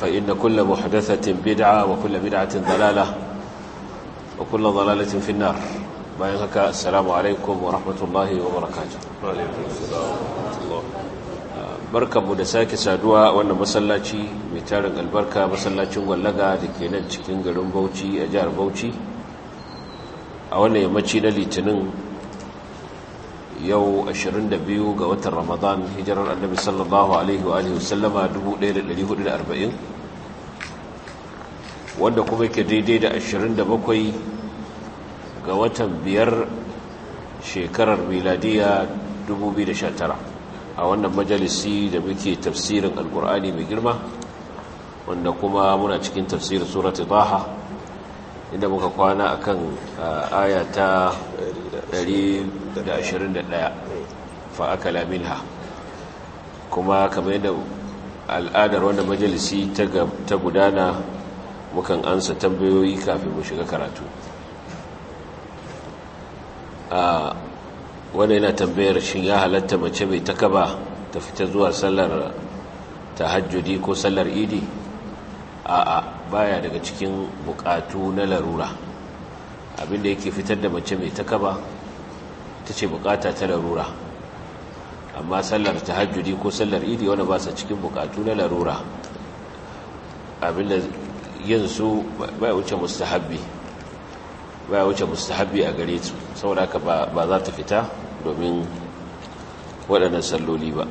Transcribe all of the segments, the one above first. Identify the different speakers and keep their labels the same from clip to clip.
Speaker 1: فإن كل محدثة بدعة وكل بدعة ضلالة وكل ضلالة في النار بايغك السلام عليكم ورحمة الله وبركاته barkan mu da sake saduwa wannan masallaci mai tarin albarka masallacin gwallaga da ke nan cikin garin bauchi a jihar bauchi a wannan yammaci na litinin yau 22 ga watan ramadan hijirar annabi sallallahu alaihi wa sallama 1440 wanda kuma ke daidai da 27 ga watan biyar shekarar miladiya 2019 a wannan majalisi da muke tafsirin alkur'ani mai girma wanda kuma muna cikin tafsirin surat baha inda muka kwana akan aya ta da 21 fa akala kuma kamar yadda al'adar wanda majalisi ta gudana mukan ansa tambayoyi kafin mu shiga karatu a wanda yana tambayar shi ya halatta mace mai takaba ta fita zuwa sallar tahajjudi ko sallar idi a'a baya daga cikin bukatu na larura abinda yake fitar da mace mai takaba ta ce bukata ta larura amma sallar ta hajjudi ko sallar idi wani ba sa cikin bukatu na larura abinda yin su bai wuce mustahabbi bai wuce mustahabbi a gare su saboda aka ba za ta fita domin waɗannan salloli ba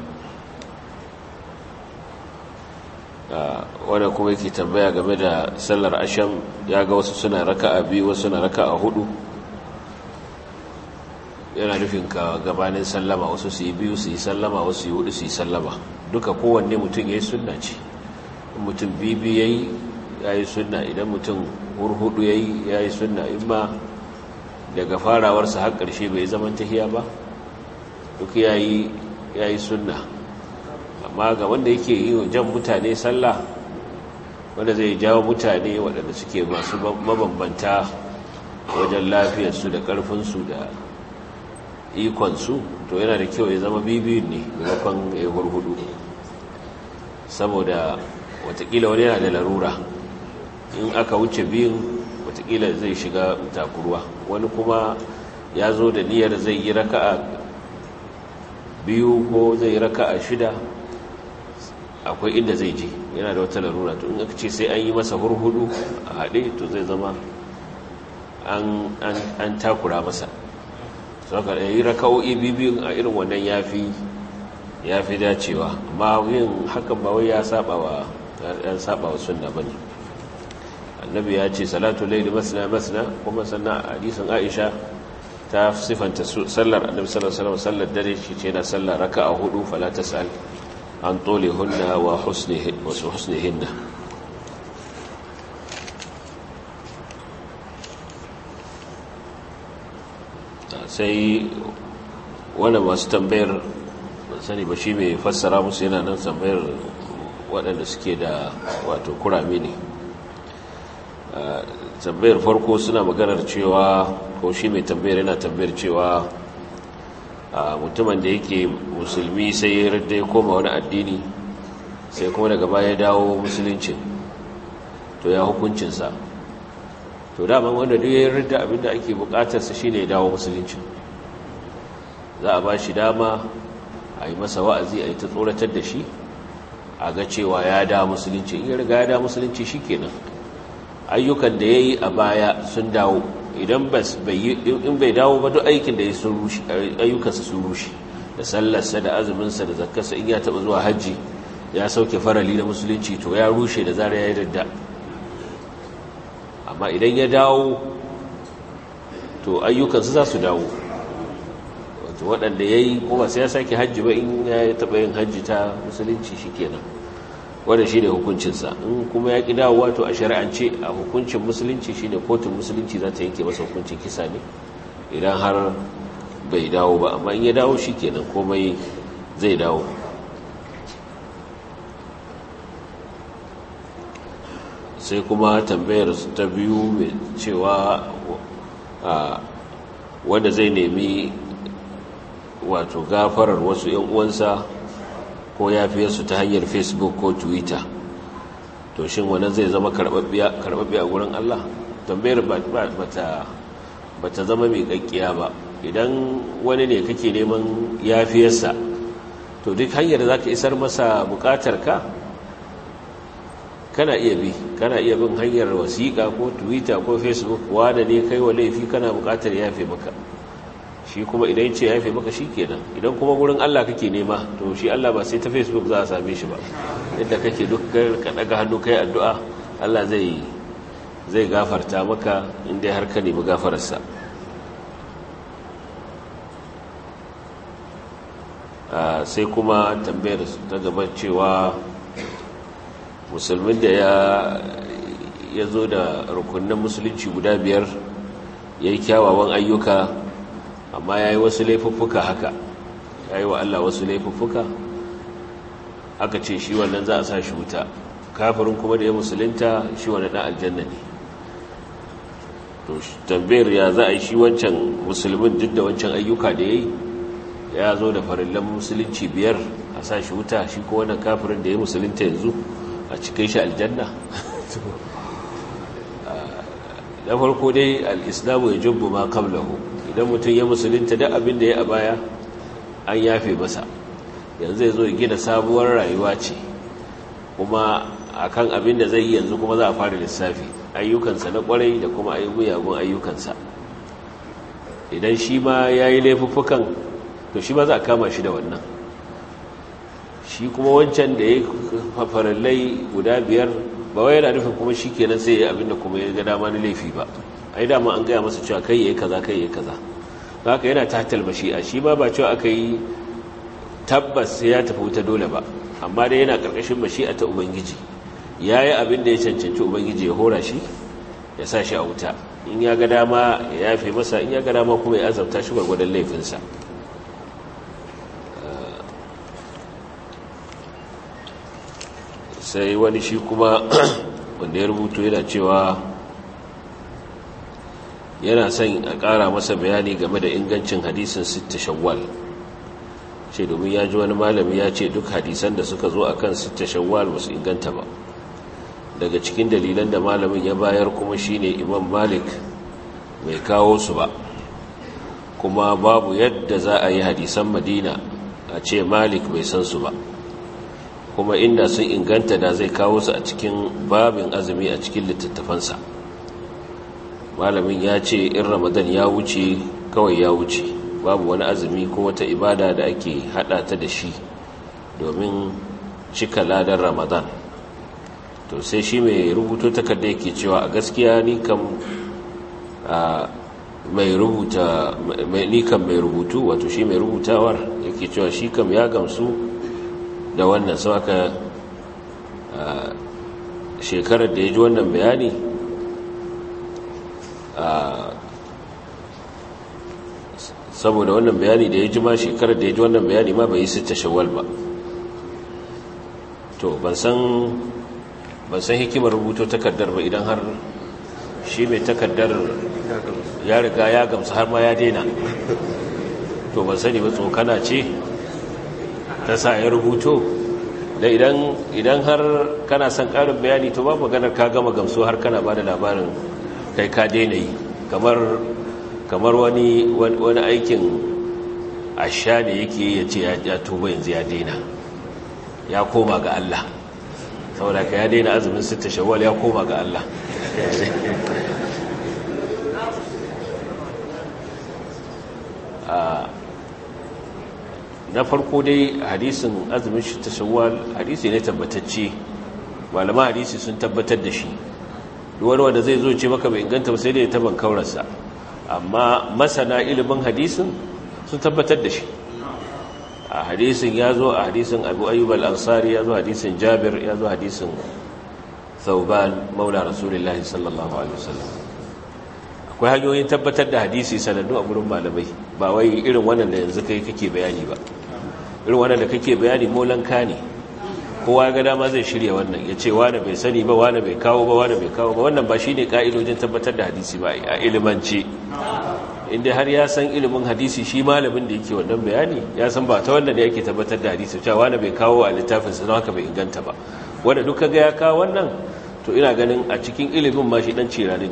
Speaker 1: ah, wadda kuma yake tambaya game da sallar ashen ya ga wasu suna raka a biyu wasu suna raka a hudu yana nufin ka gabanin sallama wasu su yi biyu su yi sallama wasu yi hudu su yi sallama duka kowanne mutum ya yi sunna ce mutum bibi ya yi ya yi sunna idan mutum hurhudu ya yi ya yi sunna in ma daga farawarsa har ƙarshe bai zaman tahiya ba duk ya yi ya yi sunna amma ga wanda yake yi jan mutane sallah wanda zai jawo mutane waɗanda suke masu mabambanta wajen lafiyarsu da ƙarfinsu da ikonsu to yana da kyau ya zama bibiyun ne maimakon ya hurhudu saboda watakila wani yana da larura in aka wuce biyun watakila zai shiga takurwa wani kuma ya zo da niyyar zai yi raka a biyu ko zai yi raka a shida akwai inda zai je yana da wata larura to in aka ce sai an yi masa hurhudu a haɗe to zai zama an takura masa saka ka yi raka'o'i bibiyun a irin wannan ya fi dacewa amma yin hakan ba wai ya saba wa suna saba wa sunna bane annabi ya ce salatu layli masina masna kuma sannan hadisin Aisha ta sifanta sallar annabi sallallahu sallar dare shi ce na sallar a hudu fala sal an tole hunna wa husnihinna sai wanda masu tambayar sani ba shi mai fassara musu yana nan tambayar waɗanda suke da wato kurame ne ah, tambayar farko suna maganar cewa ko shi mai tambayar yana tambayar cewa ah, mutumin da yake musulmi sai ya rarrai koma wani addini sai kuma daga baya ya dawo musulunci to ya hukuncinsa to ma wanda duk yayin rinda abinda ake sa shine ya dawo musulunci za a bashi dama a yi masa wa'azi a yi ta tsoratar da shi a ga cewa ya da musulunci in ya riga ya da musulunci shi kenan ayyukan da ya a baya sun dawo idan bas bai in bai dawo ba duk aikin da ya sun rushe ayyukansa sun rushe da sallarsa da azuminsa da zakkarsa in ya taba zuwa hajji ya sauke farali da musulunci to ya rushe da zara ya yi dadda amma idan ya dawo to ayyukansu za su dawo wato waɗanda ya yi kuma sai ya sake hajji ba in ya taɓa yin hajji ta musulunci shi kenan wadda shi ne hukuncinsa in kuma ya ƙi dawo wato a shari'ance a hukuncin musulunci shi ne kotun musulunci za ta yanke masa hukuncin kisa ne idan har bai dawo ba amma in ya dawo shi kenan komai zai dawo sai kuma tambayar su ta biyu mai cewa wanda zai nemi wato gafarar wasu 'yan uwansa ko yafiyarsu ta hanyar facebook ko twitter to shin wannan zai zama karbabbiya a gurin allah tambayar ba ta zama mai ƙaƙƙiya ba idan wani ne kake neman yafiyarsa to duk hanyar za ka isar masa buƙatar ka kana iya bi kana iya bin hanyar wasiƙa ko twitter ko facebook wada ne kai wa laifi kana buƙatar yafe maka shi kuma idan ce yafe maka shi kenan idan kuma gurin Allah kake nema to shi Allah ba sai ta facebook za a same shi ba yadda kake duk ka ɗaga hannu kai addu'a Allah zai zai gafarta maka inda har ka nemi gafararsa ah, sai kuma tambayar ta gaba cewa musulmin da ya zo da rukunin musulunci guda biyar ya yi kyawawan ayyuka amma ya yi wasu laifuffuka haka ya yi wa Allah wasu laifuffuka aka ce shi wannan za a sa shi wuta kafirin kuma da ya musulinta, shi wani ɗan aljanna ne tambayar ya za a yi shi wancan musulmin duk da wancan ayyuka da ya yi ya zo da farillan musulunci biyar a sa shi wuta shi ko wannan kafirin da ya musulinta yanzu a cikin shi aljanna na farko dai al'islamu ya jubu ma kamlahu idan mutum ya musulunta da abin da ya baya an yafe masa yanzu ya zo gina sabuwar rayuwa ce kuma akan abin da zai yi yanzu kuma za a fara lissafi ayyukansa na kwarai da kuma ayyukan ayyukansa idan shi ma ya yi laifuffukan to shi ma za a kama shi da wannan shi kuma wancan da ya farallai guda biyar ba wai yana nufin kuma shi kenan sai ya abinda kuma ya ga dama na laifi ba ai dama an gaya masa cewa kai ya yi kaza kai ya yi kaza haka yana tatal mashi'a shi ma ba cewa aka yi tabbas sai ya tafi wuta dole ba amma dai yana karkashin a ta ubangiji ya yi abin da ya cancanci ubangiji ya hora shi ya sa shi a wuta in ya ga dama ya yafe masa in ya ga dama kuma ya azabta shi gwargwadon laifinsa sai wani shi kuma wanda ya rubuto yana cewa yana son a ƙara masa bayani game da ingancin hadisin sita shawwal ce domin ya ji wani malami ya ce duk hadisan da suka zo a kan sitta shawwal ba inganta ba daga cikin dalilan da malamin ya bayar kuma shine imam malik mai kawo su ba kuma babu yadda za a yi hadisan madina a ce malik bai san su ba kuma inda sun inganta da zai kawo su a cikin babin azumi a cikin littattafansa malamin ya ce in ramadan ya wuce kawai ya wuce babu wani azumi ko wata ibada da ake hada ta da shi domin cika ladan ramadan to sai shi mai rubuto takarda yake cewa a gaskiya ni kam mai rubuta mai rubutu wato shi mai rubutawar yake cewa shi kam ya gamsu da wannan sau aka shekarar da ya ji wannan bayani saboda wannan bayani da ya ji ma shekarar da ya ji wannan bayani ma bai yi su tashawal ba to ban san hikimar rubuto takardar ba idan har shi mai takardar ya riga ya gamsu har ma ya daina to ban sani ba tsokana ce ta sa ya rubuto da idan har kana son karin bayani to babu ganar ka gama gamsu har kana ba da labarin kai ka daina yi kamar wani aikin asha da yake ya ce ya tuba yanzu ya daina ya koma ga Allah saboda ka ya daina azumin sita shawwal ya koma ga Allah ah, na farko dai hadisin azumin shi ta shawwal hadisi ne tabbatacce malama hadisi sun tabbatar da shi duwar wanda zai zo ce maka bai inganta ba sai dai ta ban bankaurarsa amma masana ilimin hadisin sun tabbatar da shi a hadisin ya zo a hadisin abu ayyub al-ansari ya zo hadisin jabir ya zo hadisin thauban maula rasulullahi sallallahu alaihi wasallam akwai hanyoyin tabbatar da hadisi sanannu a gurin malamai ba wai irin wannan da yanzu kai kake bayani ba irin da kake bayani molanka ne kowa ga dama zai shirya wannan ya ce wani bai sani ba wani bai kawo ba wani bai kawo ba wannan ba shi ne ka'idojin tabbatar da hadisi ba a ilimance inda har ya san ilimin hadisi shi malamin da yake wannan bayani ya san ba ta wannan da yake tabbatar da hadisi cewa wani bai kawo a littafin sa haka bai inganta ba wanda duk kaga ya kawo wannan to ina ganin a cikin ilimin ma shi dan cira ne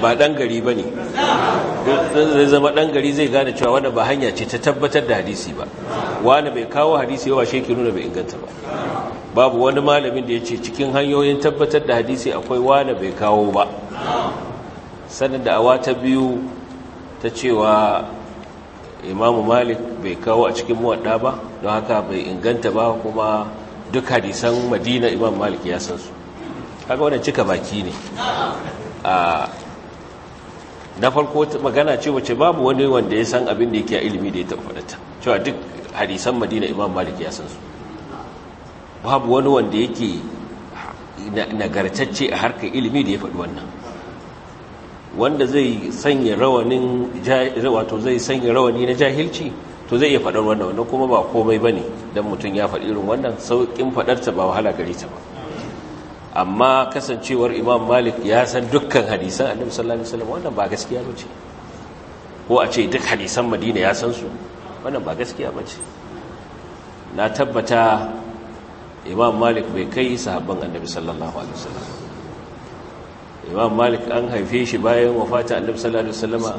Speaker 1: ba dan gari bane zai zama ɗan gari zai gane cewa wanda ba hanya ce ta tabbatar da hadisi ba wani bai kawo hadisi yawa shi nuna bai inganta ba babu wani malamin da ya ce cikin hanyoyin tabbatar da hadisi akwai wani bai kawo ba sanin da awa ta biyu ta cewa imamu malik bai kawo a cikin muwadda ba don haka bai inganta ba kuma duk hadisan madina imam malik ya san su haka wannan cika baki ne ah, na farko magana ce wace babu wani wanda ya san abin da yake a ilimi da ya taɓa cewa duk hadisan madina imam malik ya san su babu wani wanda yake nagartacce a harkar ilimi da ya faɗi wannan wanda zai sanya rawanin wato zai sanya rawani na jahilci to zai iya faɗar wannan wannan kuma ba komai ba ne don mutum ya faɗi irin wannan sauƙin faɗarta ba wahala gare ta ba amma kasancewar imam malik ya san dukkan hadisan annabi sallallahu alaihi wasallam wannan ba gaskiya bace ko a ce duk hadisan madina ya san su wannan ba gaskiya bace na tabbata imam malik bai kai sahabban annabi sallallahu alaihi wasallam imam malik an haife shi bayan wafata annabi sallallahu alaihi wasallama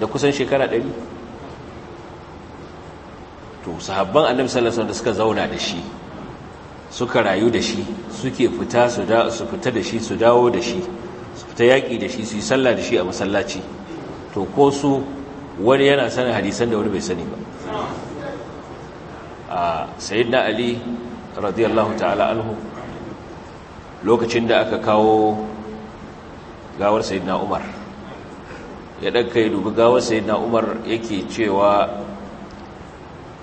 Speaker 1: da kusan shekara 100 to sahabban annabi sallallahu alaihi wasallam da suka zauna da shi suka rayu da shi suke fita su fita da shi su dawo da shi su fita yaƙi da shi su yi sallah da shi a masallaci to ko su wani yana sanin hadisan da wani bai sani ba a na ali radiyallahu ta'ala Alhu lokacin da aka kawo gawar na umar ya ɗanka ya dubi gawar na umar yake cewa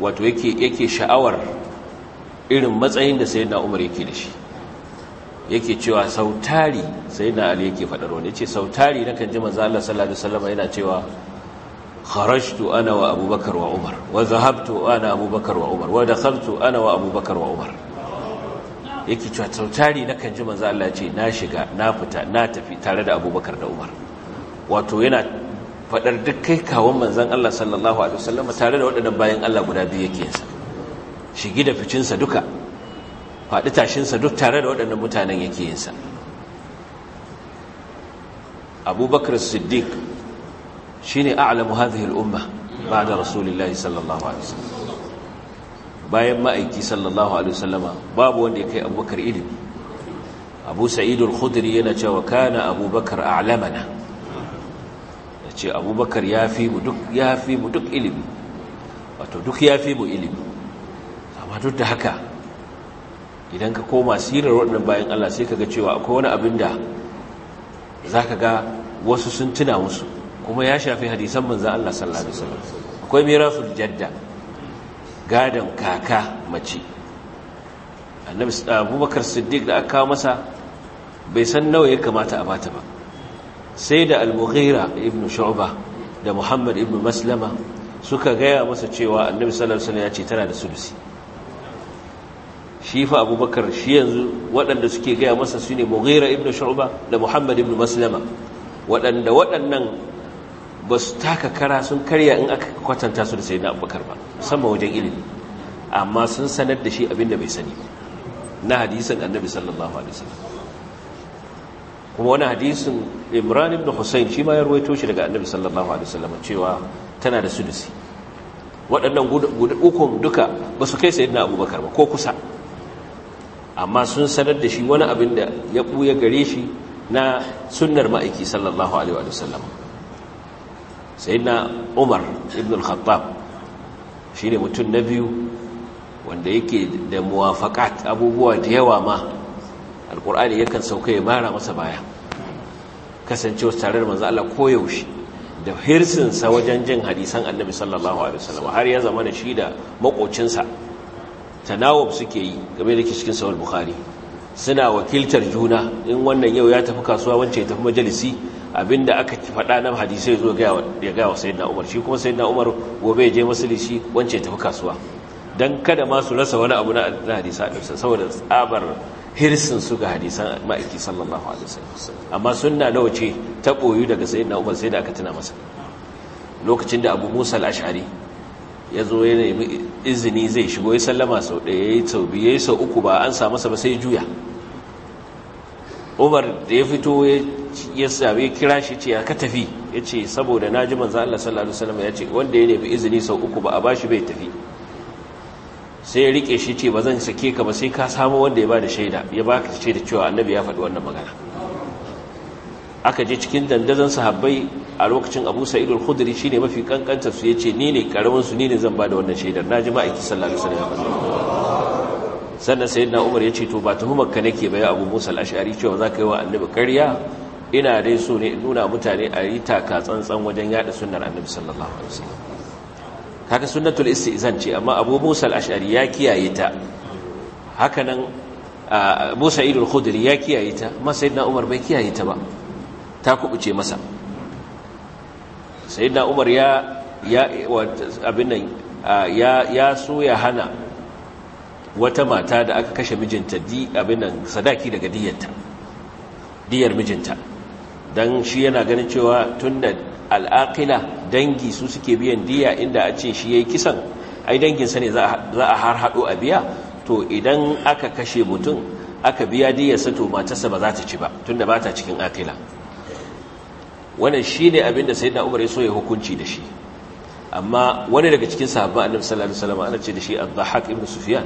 Speaker 1: wato yake sha'awar irin matsayin da sayyidina umar yake da shi yake cewa sautari sayyidina ali yake fadar wani yace sautari nakan ji manzo Allah sallallahu alaihi wasallam yana cewa kharajtu ana wa abubakar wa umar wa zahabtu ana abubakar wa umar wa dakhaltu ana wa abubakar wa umar yake cewa sautari nakan ji manzo Allah ce na shiga na fita na tafi tare da abubakar da umar wato yana faɗar duk kai kawon manzon Allah sallallahu alaihi wasallam tare da waɗannan bayan Allah guda biyu yake yinsa shigi da ficinsa duka faɗi tashinsa duk tare da waɗannan mutanen yake yinsa abubakar siddiq shi ne a'alamu hadhihi al'umma ba da rasulillahi sallallahu alaihi wasallam bayan ma'aiki sallallahu alaihi wasallama babu wanda ya kai abubakar ilimi abu sa'idul khudri yana cewa kana abubakar a'lamana ce abubakar ya fi mu duk ilimi wato duk ya fi mu ilimi amma duk da haka idan ka koma sirar waɗannan bayan Allah sai ka ga cewa akwai wani abin da za ka ga wasu sun tuna musu kuma ya shafi hadisan manzan Allah sallallahu alaihi wasallam akwai mirasul jadda gadon kaka mace annabi abubakar siddiq da aka kawo masa bai san nawa ya kamata a bata ba sai da al-mughira ibn shu'ba da muhammad ibn maslama suka gaya masa cewa annabi sallallahu alaihi wasallam ya ce tana da sulusi shi fa abubakar shi yanzu waɗanda suke gaya masa su ne mughira ibn shu'ba da muhammad ibn maslama waɗanda waɗannan ba su taka kara sun karya in aka kwatanta su da sai na abubakar ba musamman wajen ilimi amma sun sanar da shi abinda bai sani na hadisin annabi sallallahu alaihi wasallam kuma wani hadisin imran ibn husayn shi ma ya ruwaito shi daga annabi sallallahu alaihi wasallam cewa tana da sudusi waɗannan ukun duka ba su kai sayyidina abubakar ba ko kusa amma sun sanar da shi wani abin da ya ɓuya gare shi na sunnar ma'aiki sallallahu alaihi wa sai na umar ibn al-khattab shi ne mutum na biyu wanda yake da muwafaƙat abubuwa da yawa ma al al-ƙur'ani yakan sauka ya mara masa baya kasancewa tare da manzo Allah koyaushe da hirsinsa wajen jin hadisan annabi sallallahu alaihi wasallam har ya zama da shi da makocinsa tanawub suke yi game da cikin sahih bukhari suna wakiltar juna in wannan yau ya tafi kasuwa wancan ya tafi majalisi abinda aka faɗa na hadisi ya zo ya ga wa sayyidina Umar shi kuma sayyidina Umar gobe ya je masallaci wancan ya tafi kasuwa dan kada ma su rasa wani abu na hadisa saboda tsabar hirsin su ga hadisan ma'aiki sallallahu alaihi wasallam amma sunna nawa ce ta boyu daga sayyidina Umar sai da aka tuna masa lokacin da Abu Musa al-Ash'ari ya zo ya nemi izini zai shigo ya sallama sau ɗaya ya yi sau biyu ya yi sau uku ba an samu sa sai juya umar da ya fito ya sami kira shi ce ya ka tafi ya ce saboda na ji manzan Allah sallallahu Alaihi wasallam ya ce wanda ya nemi izini sau uku ba a ba shi bai tafi sai ya rike shi ce ba zan sake ka ba sai ka samu wanda ya ba da shaida ya ba ka ce da cewa annabi ya faɗi wannan magana aka je cikin dandazon sahabbai a lokacin abu sa'id al shi ne mafi kankanta su ce, ni ne karamin su ni ne zan bada wannan shaidar naji ma aiki sallallahu alaihi wasallam sannan sayyidina umar ce to ba tuhumar ka nake ba ya abu musa al-ash'ari cewa za ka yi wa annabi ƙarya ina dai so ne nuna mutane a yi taka tsantsan wajen yada sunnar annabi sallallahu alaihi wasallam kaga sunnatul istizan ce amma abu musa al-ash'ari ya kiyaye ta hakanan musa al khudri ya kiyaye ta amma sayyidina umar bai kiyaye ta ba ta kubuce masa sayyidina umar ya ya abin nan ya ya so ya hana wata mata da aka kashe mijinta di abin nan sadaki daga diyarta diyar mijinta dan shi yana ganin cewa tunda al'aqila dangi su suke biyan diya inda a ce shi yayi kisan ai danginsa ne za a har hado a biya to idan aka kashe mutum aka biya sa to matarsa ba za ta ci ba tunda ba ta cikin aqila wannan shine abin da sayyidina Umar ya so ya hukunci da shi amma wani daga cikin sahabban Annabi sallallahu alaihi wasallam ana ce da shi Ad-Dhahhak ibn Sufyan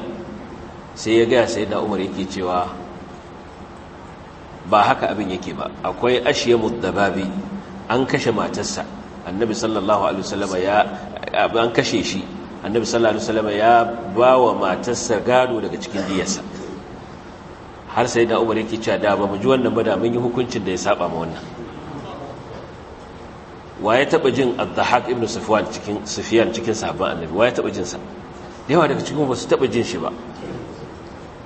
Speaker 1: sai ya ga sayyidina Umar yake cewa ba haka abin yake ba akwai ashyamud dababi an kashe matarsa Annabi sallallahu alaihi wasallam ya an kashe shi Annabi sallallahu alaihi wasallam ya bawa matarsa gado daga cikin diyarsa har sai da umar yake cewa da ba mu ji wannan ba da mun yi hukuncin da ya saba ma wannan wa ya taba jin al dhahak ibn safwan cikin sufyan cikin sahabban annabi wa ya taba jin sa da yawa daga cikin ba su taba jin shi ba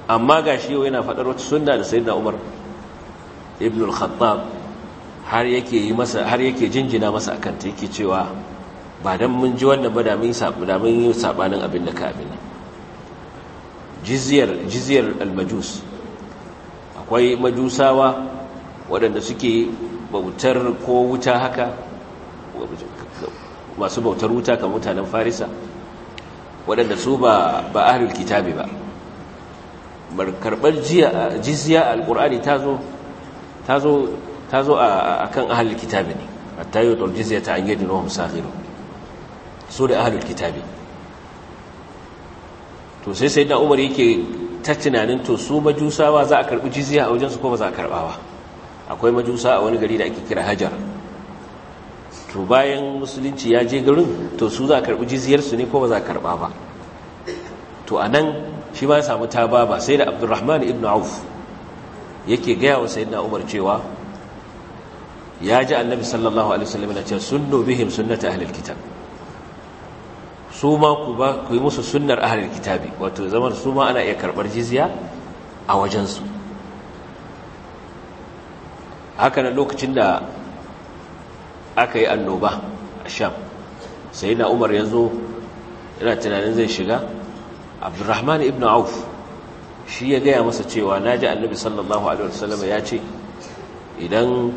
Speaker 1: amma gashi yau yana fadar wata sunna da sayyidina umar ibn al-khattab har yake yi masa har yake jinjina masa akan ta yake cewa ba dan mun ji wannan ba da mun sabu da mun sabanin abin da ka abin jizyar jizyar al-majus akwai majusawa waɗanda suke bautar ko wuta haka masu bautar wuta kan mutanen farisa waɗanda su ba ba ahlul kitabi ba bar karɓar jizya alƙur'ani ta zo a kan ahlul kitabi ne a tayo ɗar jizya ta an yadda nuhun sahiru su da ahlul kitabi to sai sai na umar yake ta tunanin to su majusawa za a karɓi jiziya a wajensu ko ba za a karɓawa akwai majusa a wani gari da ake kira hajar to bayan musulunci ya je garin to su za a karɓi jiziyarsu ne ko ba za a karɓa ba to a nan shi ma ya samu ta ba ba sai da abdurrahman ibn auf yake gaya wa sayyidina umar cewa ya ji annabi sallallahu alaihi wasallam yana cewa sunnu bihim sunnata ahlil kitab su ma ku ba ku yi musu sunnar ahlil kitabi wato zaman su ma ana iya karɓar jiziya a wajensu haka nan lokacin da aka yi annoba a sham sai na umar yanzu yana tunanin zai shiga abdurrahman ibn auf shi ya gaya masa cewa na ji annabi sallallahu alaihi wasallam ya ce idan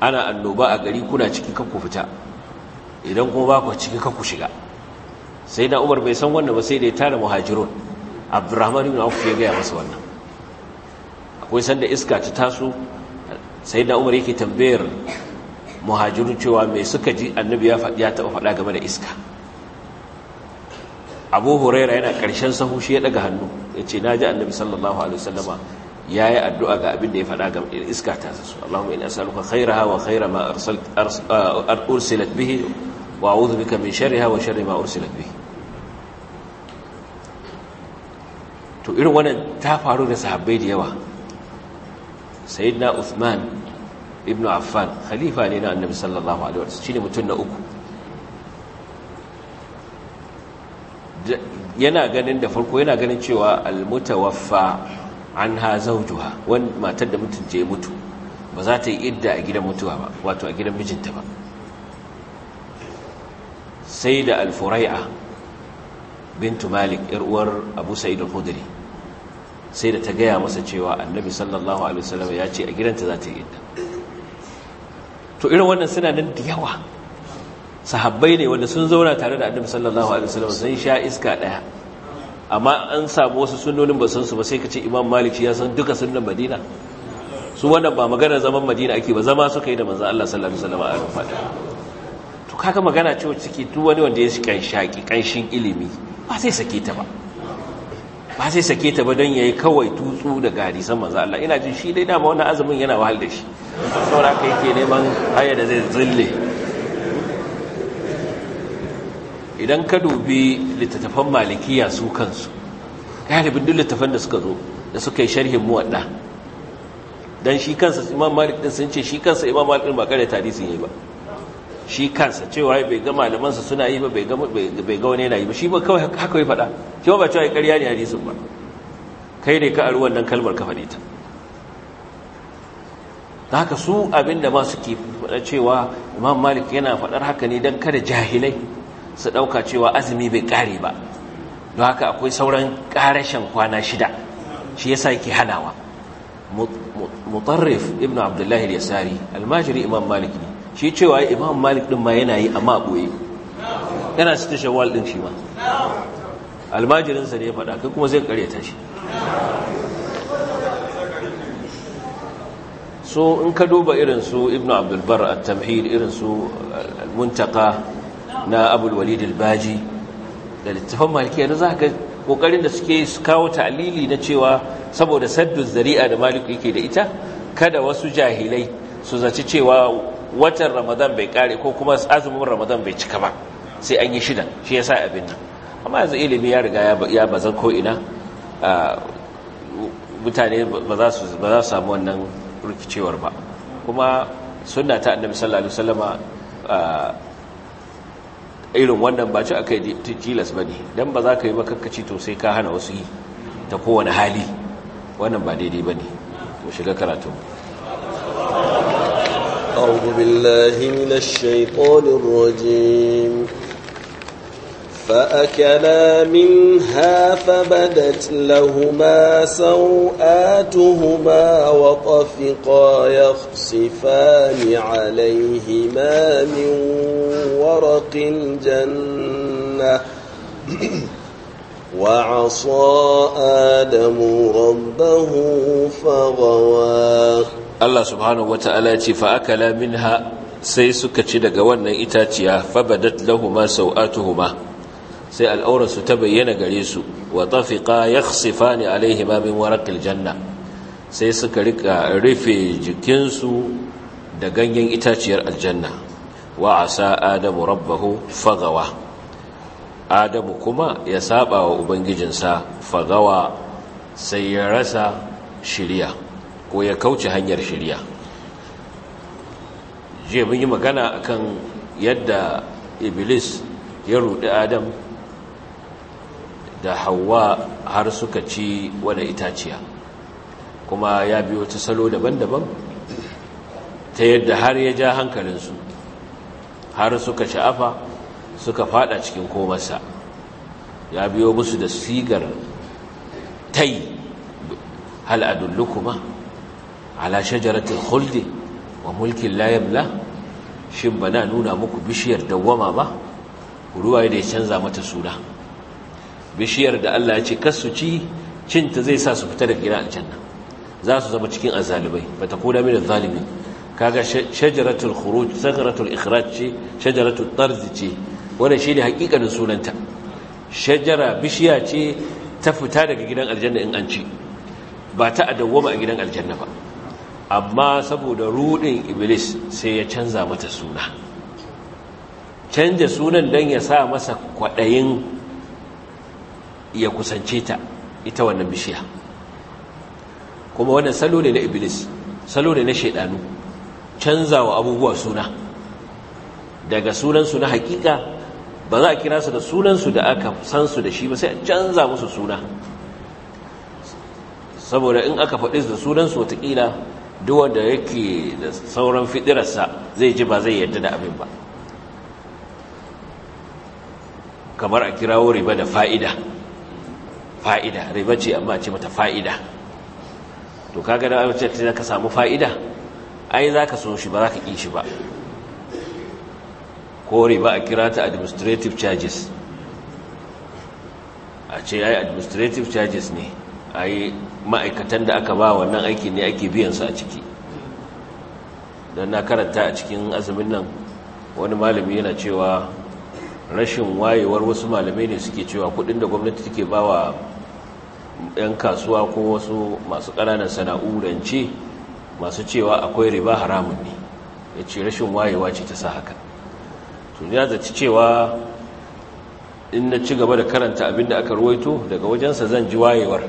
Speaker 1: ana annoba a gari kuna ciki kanku fita idan kuma ba ku ciki kanku shiga sai na umar bai san wannan ba sai da ya tara muhajirun abdurrahman ibn auf ya gaya masa wannan akwai sanda iska ta taso sai na umar yake tambayar muhajiru cewa mai suka ji annabi ya taɓa faɗa game da iska abu huraira yana ƙarshen sahu shi ya ɗaga hannu ya ce na ji annabi sallallahu alaihi wasallama ya yi addu'a ga abin da ya faɗa game da iska ta su Allahumma ina asaluka khaira hawa khaira ma ursilat bihi wa a'udhu bika min shari hawa shari ma ursilat bihi to irin wannan ta faru da sahabbai da yawa sayyidina Uthman ibn affan khalifa ne na annabi sallallahu alaihi wasallam shine mutum na uku yana ganin da farko yana ganin cewa almutawaffa anha zawjuha wani matar da mutunce ya mutu ba za ta yi idda a gidan mutuwa ba wato a gidan mijinta ba sai da alfurai'a bintu malik yar'uwar abu sa'id al-khudri sai da ta gaya masa cewa annabi sallallahu alaihi wasallam ya ce a gidanta za ta yi idda to irin wannan suna nan da yawa sahabbai ne wanda sun zauna tare da annabi sallallahu alaihi wasallam sun sha iska daya amma an samu wasu sunnonin ba san su ba sai ka imam Maliki ya san duka sunnan madina su wannan ba magana zaman madina ake ba zama suka yi da manzo Allah sallallahu alaihi wasallam a rufada to kaga magana ce wacce take duk wani wanda ya shi kan shaki kanshin ilimi ba sai sake ta ba ba sai sake ta ba don ya yi kawai tutsu da gari san manzo Allah ina jin shi dai dama wannan azumin yana wahal da shi saboda haka yake neman haya da zai zille idan ka dubi littattafan malikiya su kansu galibin duk littattafan da suka zo da suka yi sharhin muwadda dan shi kansa imam malik din sun ce shi kansa imam malik ba kare tarihi yi ba shi kansa cewa bai ga malamansa suna yi ba bai ga wani yana yi ba shi ba kawai haka yi faɗa shi ba cewa ƙarya ne hadisin ba kai ne ka a wannan kalmar ka faɗi ta da haka su abin da ma suke faɗa cewa imam malik yana faɗar haka ne don kada jahilai su ɗauka cewa azumi bai kare ba don haka akwai sauran ƙarashen kwana shida shi yasa yake hanawa mutarrif Ibnu abdullahi al-yasari almajiri imam malik shi cewa imam malik din ma yana yi amma boye yana ta shawwal din shi ma almajirinsa ne ya faɗa kai kuma zai karyata shi so in ka duba irin su ibn abdulbar a tamhid irin su al na abulwalid al-baji da yana za ka zaka kokarin da suke kawo ta'lili na cewa saboda saddun zari'a da maliku yake da ita kada wasu jahilai su zaci cewa watan ramadan bai kare ko kuma azumin ramadan bai cika ba sai an yi shida shi ya sa abin nan amma yanzu ilimi ya riga ya baza ko ina mutane ba za su samu wannan rikicewar ba kuma suna ta annabi sallallahu alaihi wasallama irin wannan ba ci aka yi tilas ba ne don ba za ka yi makakaci to sai ka hana wasu yi ta kowane hali wannan ba daidai ba ne to shiga karatu
Speaker 2: أعوذ بالله من الشيطان الرجيم فأكلا منها فبدت لهما سوآتهما وطفقا يخصفان عليهما من ورق الجنة وعصى آدم ربه فغواه
Speaker 1: Allah subhanahu wata'ala ya ce fa akala ha sai suka ci daga wannan itaciya fa badat lahumu sau'atuhuma sai al'aurarsu ta bayyana gare su wa tafiqa yakhsifani alaihima min waraqil janna sai suka rika rufe jikinsu da ganyen itaciyar aljanna wa asa adamu rabbahu fagawa adamu kuma ya saba wa ubangijinsa fagawa sai ya rasa shiriya ko ya kauce hanyar shirya je mun yi magana akan yadda iblis ya rudi adam da hawa har suka ci wani itaciya kuma ya biyo ta salo daban-daban ta yadda har ya ja hankalinsu har suka sha'afa suka fada cikin komarsa ya biyo musu da sigar tai hal'adun lukuma. ala shajaratul khuldi wa mulkin la yabla shin bana nuna muku bishiyar dawwama ba ruwaye da ya canza mata suna bishiyar da Allah ya ce kasu ci cinta zai sa su fita daga gida aljanna za su zama cikin azalibai ba ta kuna da zalimi kaga shajaratul khuruj sagratul ikhraj ce shajaratul tarz ce wannan shine hakikanin sunanta shajara bishiya ce ta fita daga gidan aljanna in an ci ba ta adawwama a gidan aljanna ba amma saboda rudin iblis sai ya canza mata suna canza sunan don ya sa masa kwaɗayin ya kusance ta ita wannan bishiya kuma wannan salo ne na iblis salo ne na shaidanu canza wa abubuwa suna daga sunansu na hakika ba za a kira su da sunansu da aka san su da shi ba sai a canza musu suna saboda in aka faɗi da sunansu watakila duk wanda yake da sauran fidirarsa zai ji ba zai yadda da abin ba kamar a kirawo riba da fa'ida fa'ida riba ce amma ce mata fa'ida to kaga da abin ce ka samu fa'ida ai za ka so shi ba za ka ƙi shi ba ko riba a kira ta administrative charges a ce ai administrative charges ne ai ma'aikatan da aka ba wannan aiki ne ake su a ciki don na karanta a cikin azumin nan wani malami yana cewa rashin wayewar wasu malamai ne suke cewa kudin da gwamnati take ba wa 'yan kasuwa ko wasu masu ƙananan sana'u rance masu cewa akwai riba haramun ne ya ce rashin wayewa ce ta sa haka tun ya zaci cewa in na ci gaba da karanta abin da aka ruwaito daga wajensa zan ji wayewar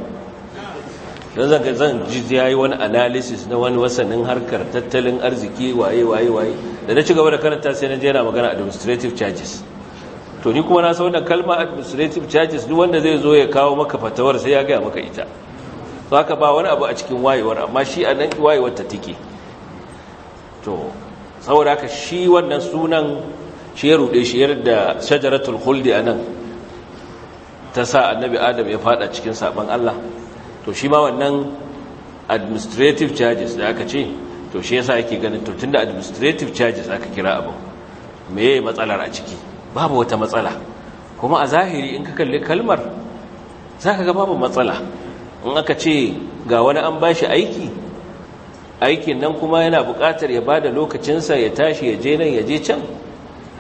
Speaker 1: don zan zan ji ya yi wani analysis na wani wasannin harkar tattalin arziki waye waye waye da na ci gaba da karanta sai na je yana magana administrative charges to ni kuma na san wannan kalma administrative charges duk wanda zai zo ya kawo maka fatawar sai ya gaya maka ita to ba wani abu a cikin wayewar amma shi a nan wayewar ta take to saboda haka shi wannan sunan shi ya rude shi yarda shajaratul khuldi anan ta sa annabi adam ya fada cikin sabon Allah to shi ma wannan administrative charges da aka ce to shi yasa ake ganin to tunda administrative charges aka kira abin meye matsalar a ciki babu wata matsala kuma a zahiri in ka kalli kalmar zaka ga babu matsala in aka ce ga wani an bashi aiki aikin nan kuma yana buƙatar ya ba bada lokacinsa ya tashi ya je nan ya je can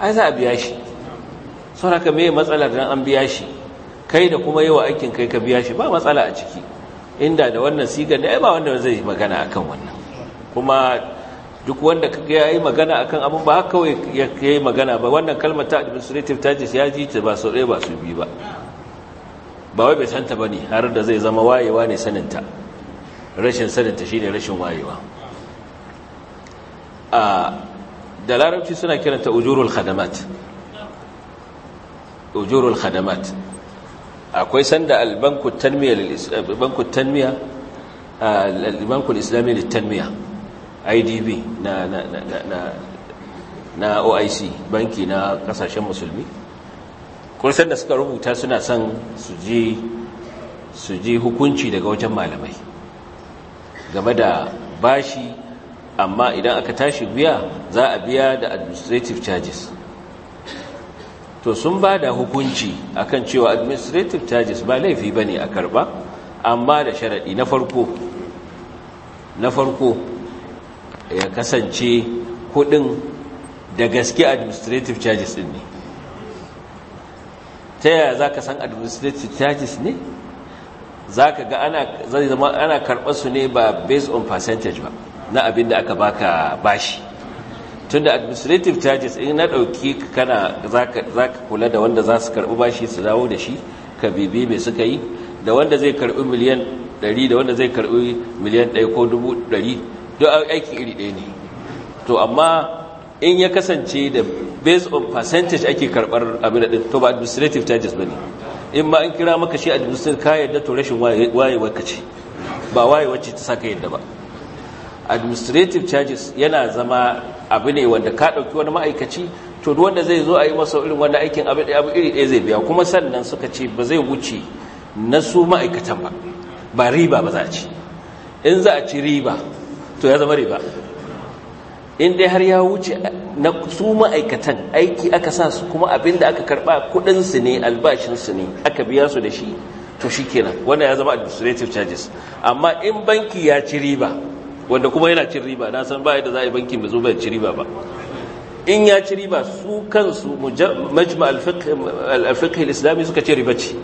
Speaker 1: ai za a biya shi sauraka ka meye matsalar dan an biya shi kai da kuma yawa aikin kai ka biya shi ba matsala a ciki inda da wannan sigar ne ai ba wanda zai magana akan wannan kuma duk wanda ya yayi magana akan abin ba haka kawai yayi magana ba wannan kalmar ta administrative charges ya ji ta ba sau ɗaya ba su bi ba ba wai bai santa bane har da zai zama wayewa ne saninta rashin saninta shine rashin wayewa a da larabci suna kiranta ujurul khadamat ujurul khadamat akwai sanda albanku tanmiya albanku eh, islami albanku tanmiya ah, IDB na OIC banki na kasashen musulmi kun da suka rubuta suna son su je hukunci daga wajen malamai game da bashi amma idan aka tashi biya za a biya da administrative charges to sun ba da hukunci akan cewa administrative charges ba laifi ba ne a karba amma da sharaɗi na farko na farko ya kasance kuɗin da gaske administrative charges din ne ta yaya za ka san administrative charges ne za ka ga ana karɓar su ne ba based on percentage ba na abin da aka baka bashi tunda administrative charges in na ɗauki kana za ka kula da wanda za su karɓi bashi su dawo da shi ka bibi mai suka yi da wanda zai karɓi miliyan ɗari da wanda zai karɓi miliyan ɗaya ko dubu ɗari duk aiki iri ɗaya ne to amma in ya kasance da based on percentage ake karɓar abin da to ba administrative charges ba ne in ma an kira maka shi administrative ka yadda to rashin wayewar ka ce ba wayewar ce ta saka yadda ba administrative charges yana zama abu ne wanda ka ɗauki wani ma'aikaci to duk wanda zai zo a yi masa irin wanda aikin abu iri ɗaya zai biya kuma sannan suka ce ba zai wuce na su ma'aikatan ba ba riba ba za a ci in za a ci riba to ya zama riba in dai har ya wuce na su ma'aikatan aiki aka sa su kuma abin da aka karɓa kuɗinsu ne albashinsu ne aka biya su da shi to shi kenan wannan ya zama administrative charges amma in banki ya ci riba wanda kuma yana cin riba na san ba da za a yi bankin da zo bai ci riba ba in ya ci riba su kansu majma alfiƙa islami suka ce riba ce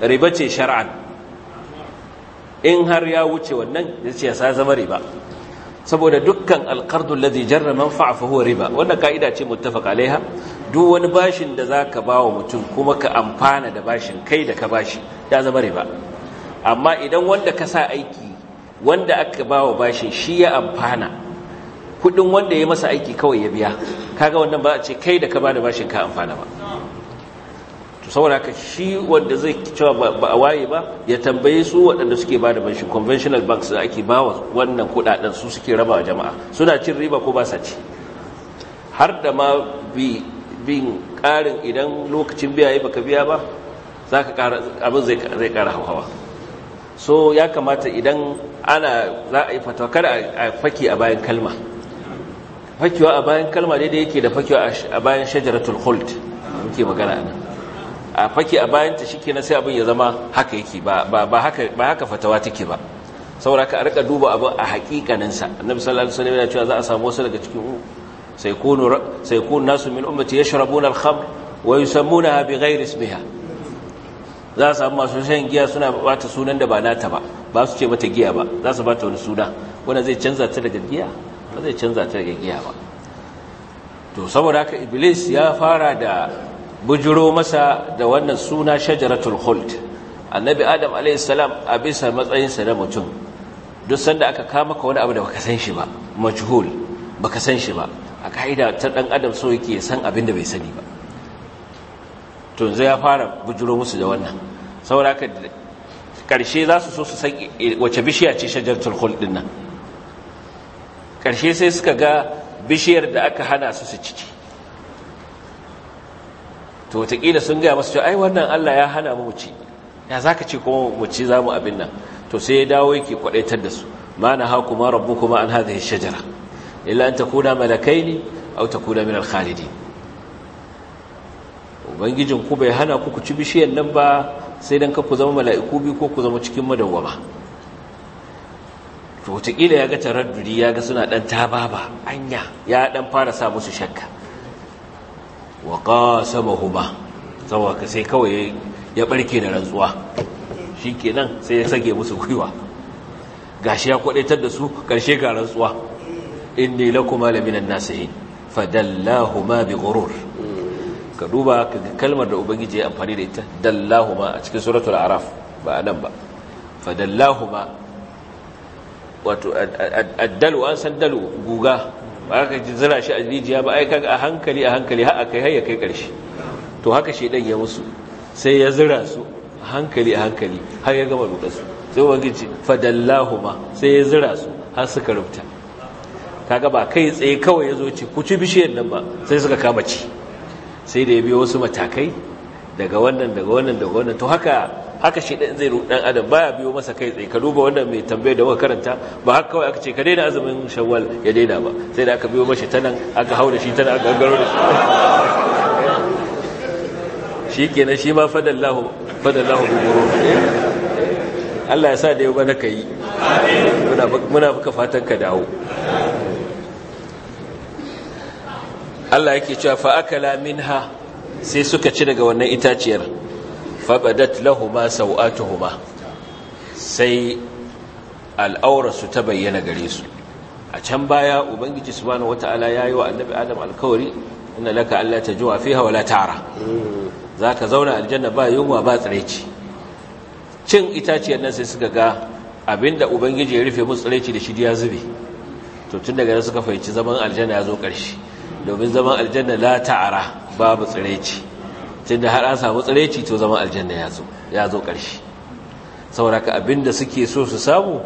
Speaker 1: riba ce shar'an in har ya wuce wannan ya ce ya sa zama riba saboda dukkan alkardun lazi jarra manfa'a fa huwa riba wannan kaida ce muttafaq alaiha duk wani bashin da za ka ba wa mutum kuma ka amfana da bashin kai da ka bashi ya zama riba amma idan wanda ka sa aiki wanda aka ba wa bashin shi ya amfana kudin wanda ya masa aiki kawai ya biya kaga wannan ba a ce kai da ka bada bashin ka amfana ba to saboda ka shi wanda zai cewa ba a waye ba ya tambaye su waɗanda suke bada bashin conventional banks da ake ba wa wannan kudaden su suke raba wa jama'a suna cin riba ko ba sa ci har da ma bi bin ƙarin idan lokacin biya ya baka biya ba za ka abin zai ƙara hawa so ya kamata idan ana za a yi fatakar a faki a bayan kalma fakiwa a bayan kalma daidai yake da fakiwa a bayan shajaratul khuld muke magana nan a faki a bayan ta ke na sai abin ya zama haka yake ba ba haka ba haka fatawa take ba saboda ka rika duba abin a hakikanin sa annabi sallallahu alaihi wasallam yana cewa za a samu wasu daga cikin sai kunu sai kunu nasu min ummati yashrabuna al-khamr wa yusammunaha bighayri ismiha za a samu masu shan giya suna bata sunan da ba nata ba ba su ce mata giya ba za su bata wani suna wanda zai canza ta daga giya ba zai canza ta daga giya ba to saboda haka iblis ya fara da bujiro masa da wannan suna shajaratul khuld annabi adam alayhi salam a bisa matsayinsa na mutum duk sanda aka kama ka wani abu da baka san shi ba majhul baka san shi ba a kaida ta dan adam so yake san abin da bai sani ba to yanzu ya fara bujiro musu da wannan saboda haka Karshe za su so su san wace bishiya ce shajartar khuld din nan Karshe sai suka ga bishiyar da aka hana su su ciki to wataƙila sun gaya masu cewa ai wannan Allah ya hana mu ci ya za ka ci kuma mu ci za mu abin nan to sai ya dawo yake kwaɗaitar da su ma na haku ma rabbu kuma an ya shajara illa an takuna ne aw takuna min al-khalidin ubangijin ku bai hana ku ku ci bishiyar nan ba sai dan ka ku zama mala'iku biyu ko ku zama cikin madawwama to wataƙila ya ga taradduri ya ga suna ɗan tababa anya ya ɗan fara sa musu shakka wa qasamahuma saboda sai kawai ya barke da rantsuwa shikenan sai ya sage musu gwiwa gashi ya kwaɗaitar da su karshe ga rantsuwa inni lakuma laminan nasihin bi ghurur ka duba ka kalmar da ubangiji ya amfani da ita dallahuma a cikin suratul araf ba nan ba fa dallahuma wato addalu an san dalu guga ba ka ji zira shi a rijiya ba ai kaga a hankali a hankali har akai har ya kai karshe to haka shi dan ya musu sai ya zira su a hankali a hankali har ya gama dukkan su sai ubangiji fa dallahuma sai ya zira su har suka rubuta kaga ba kai tsaye kawai ya zo ce ku ci bishiyar nan ba sai suka kama ci sai da ya biyo wasu matakai daga wannan daga wannan daga wannan to haka haka shi dan zai ruɗan adam baya biyo masa kai tsaye ka duba wannan mai tambayar da muka karanta ba haka kawai aka ce ka daina azumin shawwal ya daina ba sai da aka biyo mashi ta nan aka hau da shi ta nan aka gangaro da shi shi kenan shi ma fadallahu fadallahu bi Allah ya sa da yau bana kai muna muna fatan ka dawo Allah yake cewa fa akala minha sai suka ci daga wannan itaciyar fa badat lahumu sawatuhuma sai al'aurarsu ta bayyana gare su a can baya ubangiji subhanahu wataala yayi wa annabi adam alkawari inna laka alla tajwa fiha wala ta'ra zaka zauna aljanna ba yunwa ba tsiraici cin itaciyar nan sai suka ga abinda ubangiji ya rufe musu tsiraici da shi ya zube to tun daga nan suka fahimci zaman aljanna ya zo ƙarshe domin zaman aljanna la ta'ara babu tsireci tunda har an samu tsireci to zaman aljanna ya zo ya zo ƙarshe sauraka abinda suke so su samu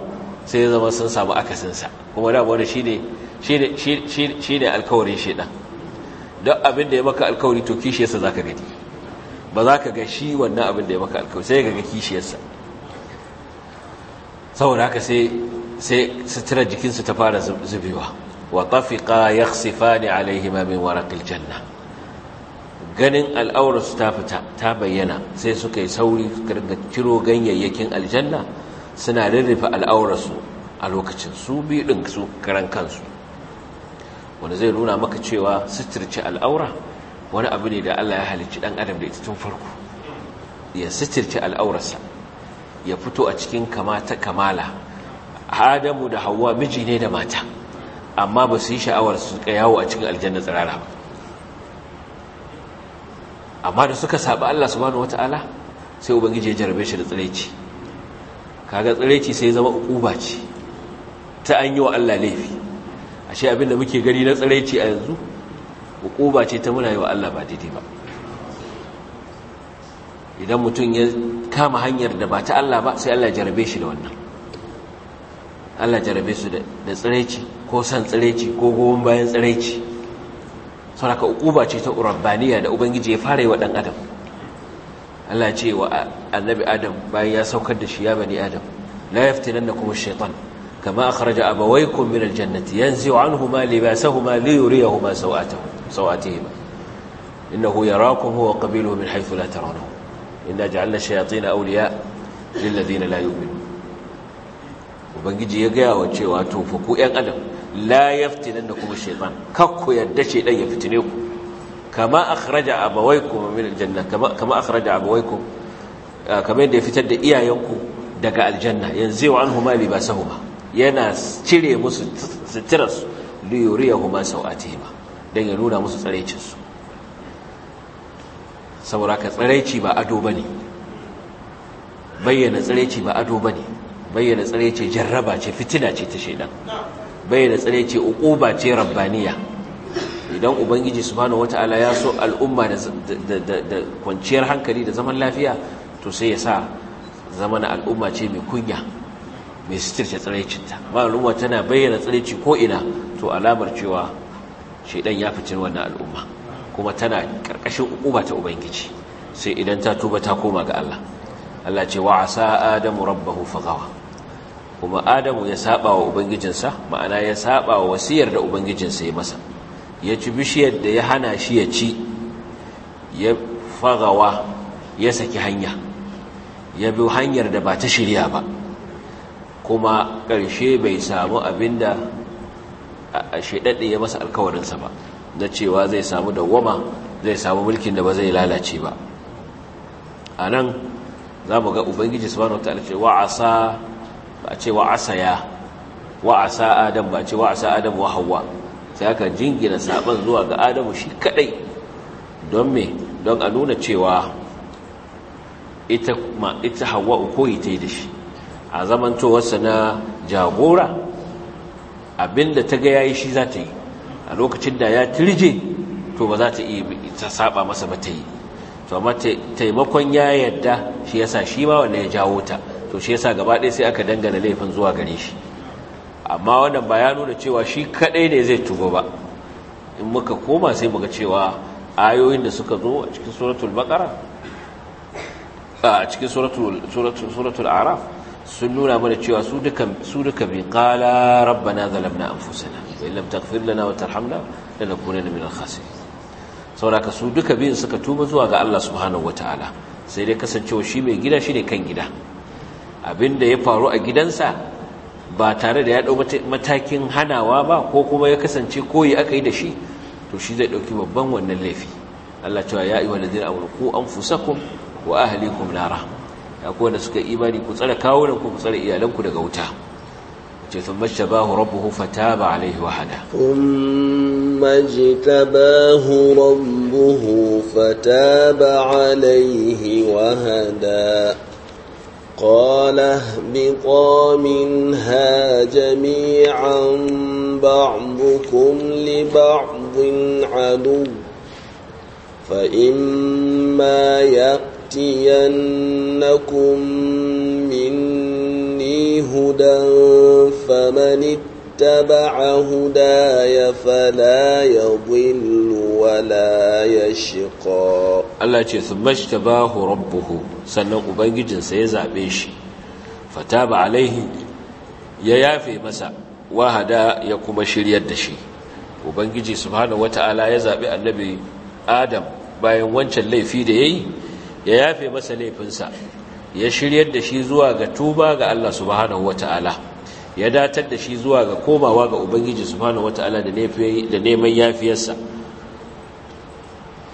Speaker 1: sai ya zama sun samu akasinsa kuma da wani shine shine shine alkawarin shedan duk abin da ya maka alkawari to kishiyarsa zaka gani ba za ka ga shi wannan abin da ya maka alkawari sai ka ga kishiyarsa saboda haka sai sai sutura jikinsu ta fara zubewa wa tafiqa yakhsifani alaihima min waraqil janna ganin al'aurarsu ta fita ta bayyana sai suka yi sauri suka ciro ganyayyakin aljanna suna rurrufe al'aurarsu a lokacin su biyu su karan kansu wanda zai nuna maka cewa suturci al'aura wani abu ne da Allah ya halicci dan adam da ita tun farko ya suturci al'aurarsa ya fito a cikin kamata kamala adamu da hawa miji ne da mata amma ba su yi sha'awar su ka yawo a cikin aljanna tsirara ba amma da suka saba Allah subhanahu wata'ala sai ubangiji ya jarabe shi da tsiraici kaga tsiraici sai zama ukuba ce ta an yi wa Allah laifi ashe abin da muke gani na tsiraici a yanzu ukuba ce ta muna yi wa Allah ba daidai ba idan mutum ya kama hanyar da ba ta Allah ba sai Allah jarabe shi da wannan Allah jarabe su da tsiraici ko san tsiraici ko goma bayan tsiraici sauraka ukuba ce ta urabbaniya da ubangiji ya fara yi wa ɗan adam Allah ce wa annabi adam bayan ya saukar da shi ya bani adam la yaftinannakum kuma shaitan. kama akhraja abawaykum min al-jannati yanzi'u anhuma libasahuma liyuriyahuma sawatahum sawatihima innahu yarakum huwa qabiluhu min haythu la tarawnahum inna ja'alna ash-shayatina awliya lil ladina la yu'minun ubangiji ya gaya wa cewa to fa ku yan adam la yaftinannakum ash-shaytan kakku yadda shaydan ya fitine ku kama akhraja abawaykum min al-janna kama kama akhraja abawaykum ah, kama yadda ya fitar da iyayenku daga aljanna yanzu wa anhuma libasahuma yana cire musu sutirarsu li yuriyahuma sawatihima dan ya nuna musu tsaraicinsu saboda ka tsaraici ba ado bane bayyana tsaraici ba ado bane bayyana tsaraici jarraba ce fitina ce ta shaidan bayyana tsare ce uquba ce rabbaniya idan ubangiji subhanahu wataala ya so al'umma da kwanciyar hankali da zaman lafiya to sai ya sa zamana al'umma ce mai kunya mai sitirce tsiraicinta ba al'umma tana bayyana tsiraici ko ina to alamar cewa shaidan ya fice wannan al'umma kuma tana karkashin ukuba ta ubangiji sai idan ta tuba ta koma ga Allah Allah ce wa asa adamu rabbahu fagawa kuma adamu ya saba wa ubangijinsa ma'ana ya saba wa wasiyar da ubangijinsa ya masa ya ci bishiyar da ya hana shi ya ci ya fagawa ya saki hanya ya bi hanyar da ba ta shirya ba kuma ƙarshe bai samu abin da a shaidaɗe ya masa alkawarinsa ba na cewa zai samu dawwama zai samu mulkin da ba zai lalace ba a nan za mu ga ubangiji subhanahu wa ta'ala ce wa ba ce wa asaya wa asa adam ba ce wa asa adam wa hawa sai aka jingina saban zuwa ga adamu shi kadai don me don a nuna cewa ita ma ita hawa ko ita da shi a zamantowarsa na jagora abinda ta ga yayi shi za ta yi a lokacin da ya tirje to ba za ta iya ta saba masa ba ta yi to amma taimakon ya yadda shi yasa shi ma wanda ya jawo ta to shi yasa gaba ɗaya sai aka dangana laifin zuwa gare shi amma wannan ba ya nuna cewa shi kaɗai ne zai tuba ba in muka koma sai muka cewa ayoyin da suka zo a cikin suratul baqara a cikin suratul suratul suratul araf sun nuna mana cewa su dukan su duka bi qala rabbana zalamna anfusana wa illam taghfir lana wa tarhamna lanakunanna minal khasirin saboda su duka biyun suka tuba zuwa ga Allah subhanahu wataala sai dai kasancewa shi mai gida shi ne kan gida abinda ya faru a gidansa ba tare da ya ɗau matakin hanawa ba ko kuma ya kasance koyi aka yi da shi to shi zai ɗauki babban wannan laifi Allah cewa ya yi wani zina ku an fusakun wa ahalikum nara ya kuwa da suka imani ku tsara kawunan ku tsara iyalanku daga wuta ce sun mace ba hu rabu ta ba alaihi
Speaker 2: wa hada قال اهبطا منها جميعا بعضكم لبعض عدو فإما يأتينكم مني هدى فمن اتبع اتبع هداي فلا يضل ولا يشقى
Speaker 1: الله ce ثم اجتباه ربه sannan ubangijinsa ya zabe shi fataba alaihi ya yafe masa wahada ya kuma shiryar da shi ubangiji subhanahu wataala ya zabi annabi adam bayan wancan laifi da yayi ya yafe masa laifinsa ya shiryar da shi zuwa ga tuba ga Allah subhanahu wataala ya datar da shi zuwa ga komawa ga ubangiji subhanahu wataala da da neman yafiyarsa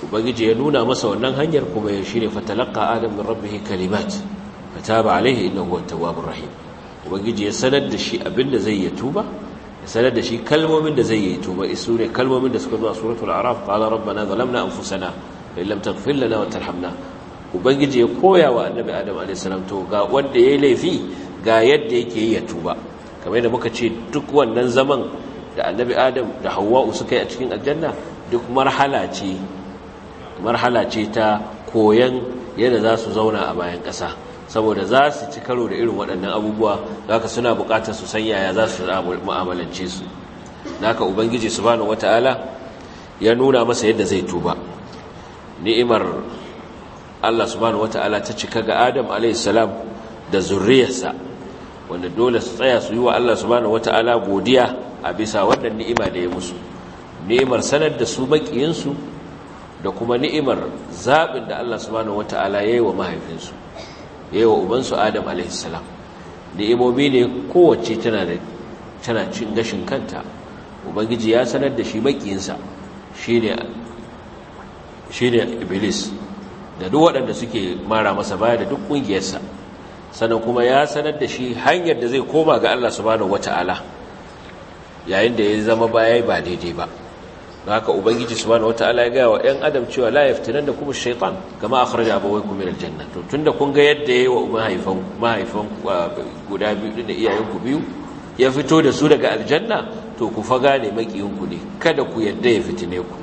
Speaker 1: ubangiji ya nuna masa wannan hanyar kuma ya shirya, fatalaqa adam min rabbih kalimat fataba alaihi innahu at-tawwabur rahim ubangiji ya sanar da shi abinda zai yi tuba ya sanar da shi kalmomin da zai yi tuba isu kalmomin da suka zo a suratul araf qala rabbana zalamna anfusana in lam taghfir lana wa tarhamna ubangiji ya koya wa annabi adam alaihi salam to ga wanda yayi laifi ga yadda yake yi ya tuba kamar da muka ce duk wannan zaman da annabi adam da hawa'u suka yi a cikin aljanna duk marhala ce ta koyan yadda za su zauna a bayan ƙasa saboda za su ci karo da irin waɗannan abubuwa za ka suna buƙatar su san yaya za su mu'amalance su naka ubangiji su subhanahu wata'ala ya nuna masa yadda zai tuba ni'imar Allah subhanahu wata'ala ta cika ga Adam alayhi salam da zurriyarsa wanda dole su tsaya su yi wa Allah subhanahu wata'ala godiya a bisa wannan ni'ima da ya musu ni'imar sanar da su makiyinsu da kuma ni'imar zabin da Allah subhanahu wata'ala ya yi wa mahaifinsu ya yi wa ubansu Adam alaihissalam ni'imomi ne kowace tana da cin gashin kanta ubangiji ya sanar da shi makiyinsa shine shine iblis da duk waɗanda suke mara masa baya da duk ƙungiyarsa sannan kuma ya sanar da shi hanyar da zai koma ga Allah subhanahu wata'ala yayin da ya zama baya ba daidai ba don haka ubangiji subhanahu wata'ala ya gaya wa 'yan adam cewa la yaftinan da kuma shaitan kama ba wai kuma aljanna to tunda kun ga yadda ya yi wa mahaifan uh, guda biyu da iyayenku biyu ya fito da su daga aljanna to ku fa gane makiyinku ne kada ku yadda ya fitine ku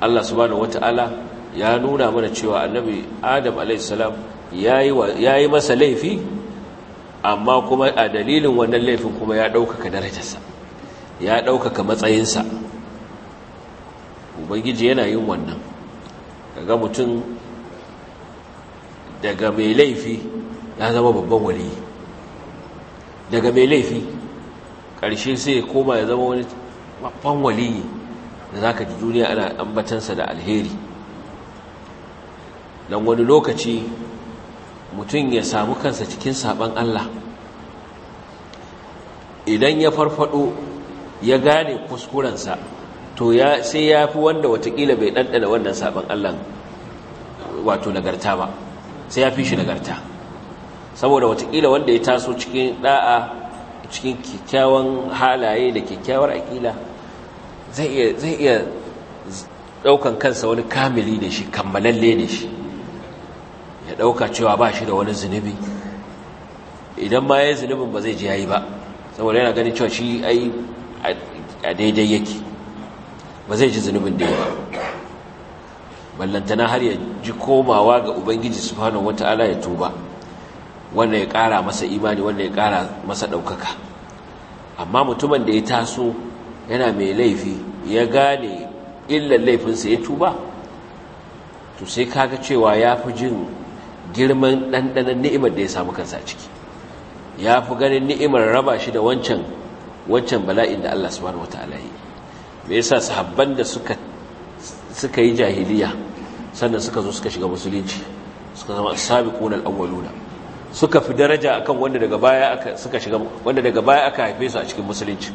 Speaker 1: Allah subhanahu wata'ala ya nuna mana cewa annabi Adam alaihi salam ya yi masa laifi amma kuma a dalilin wannan laifin kuma ya ɗaukaka darajarsa ya ɗaukaka matsayinsa ubangiji yana yin wannan ga mutum daga mai laifi ya zama babban wali daga mai laifi ƙarshe sai koma ya zama wani babban wali da za ka ji duniya ana ambatansa da alheri don wani lokaci mutum ya samu kansa cikin saban Allah idan ya farfado ya gane kuskurensa to ya sai ya fi wanda watakila bai ɗanɗana wannan saban Allah wato nagarta ba sai ya fi shi nagarta saboda watakila wanda ya taso cikin ɗa'a cikin kyakkyawan halaye da kyakkyawar aƙila zai iya ɗaukan kansa wani kamili da shi kammalalle da shi ɗauka cewa ba shi da wani zunubi idan ma ya yi zunubin ba zai ji yayi ba saboda yana ganin cewa shi ai a daidai yake ba zai ji zunubin da yawa ballantana har ya ji komawa ga ubangiji subhanahu wata'ala ya tuba wanda ya kara masa imani wanda ya kara masa ɗaukaka amma mutumin da ya taso yana mai laifi ya gane illan laifinsa ya tuba to sai kaga cewa ya fi jin girman ɗanɗanan ni'imar da ya samu kansa ciki ya fi ganin ni'imar raba shi da wancan wancan bala'in da Allah subhanahu wata'ala yi me yasa sahabban da suka suka yi jahiliya sannan suka zo suka shiga musulunci suka zama as-sabiquna al-awwaluna suka fi daraja akan wanda daga baya aka suka shiga wanda daga baya aka haife su a cikin musulunci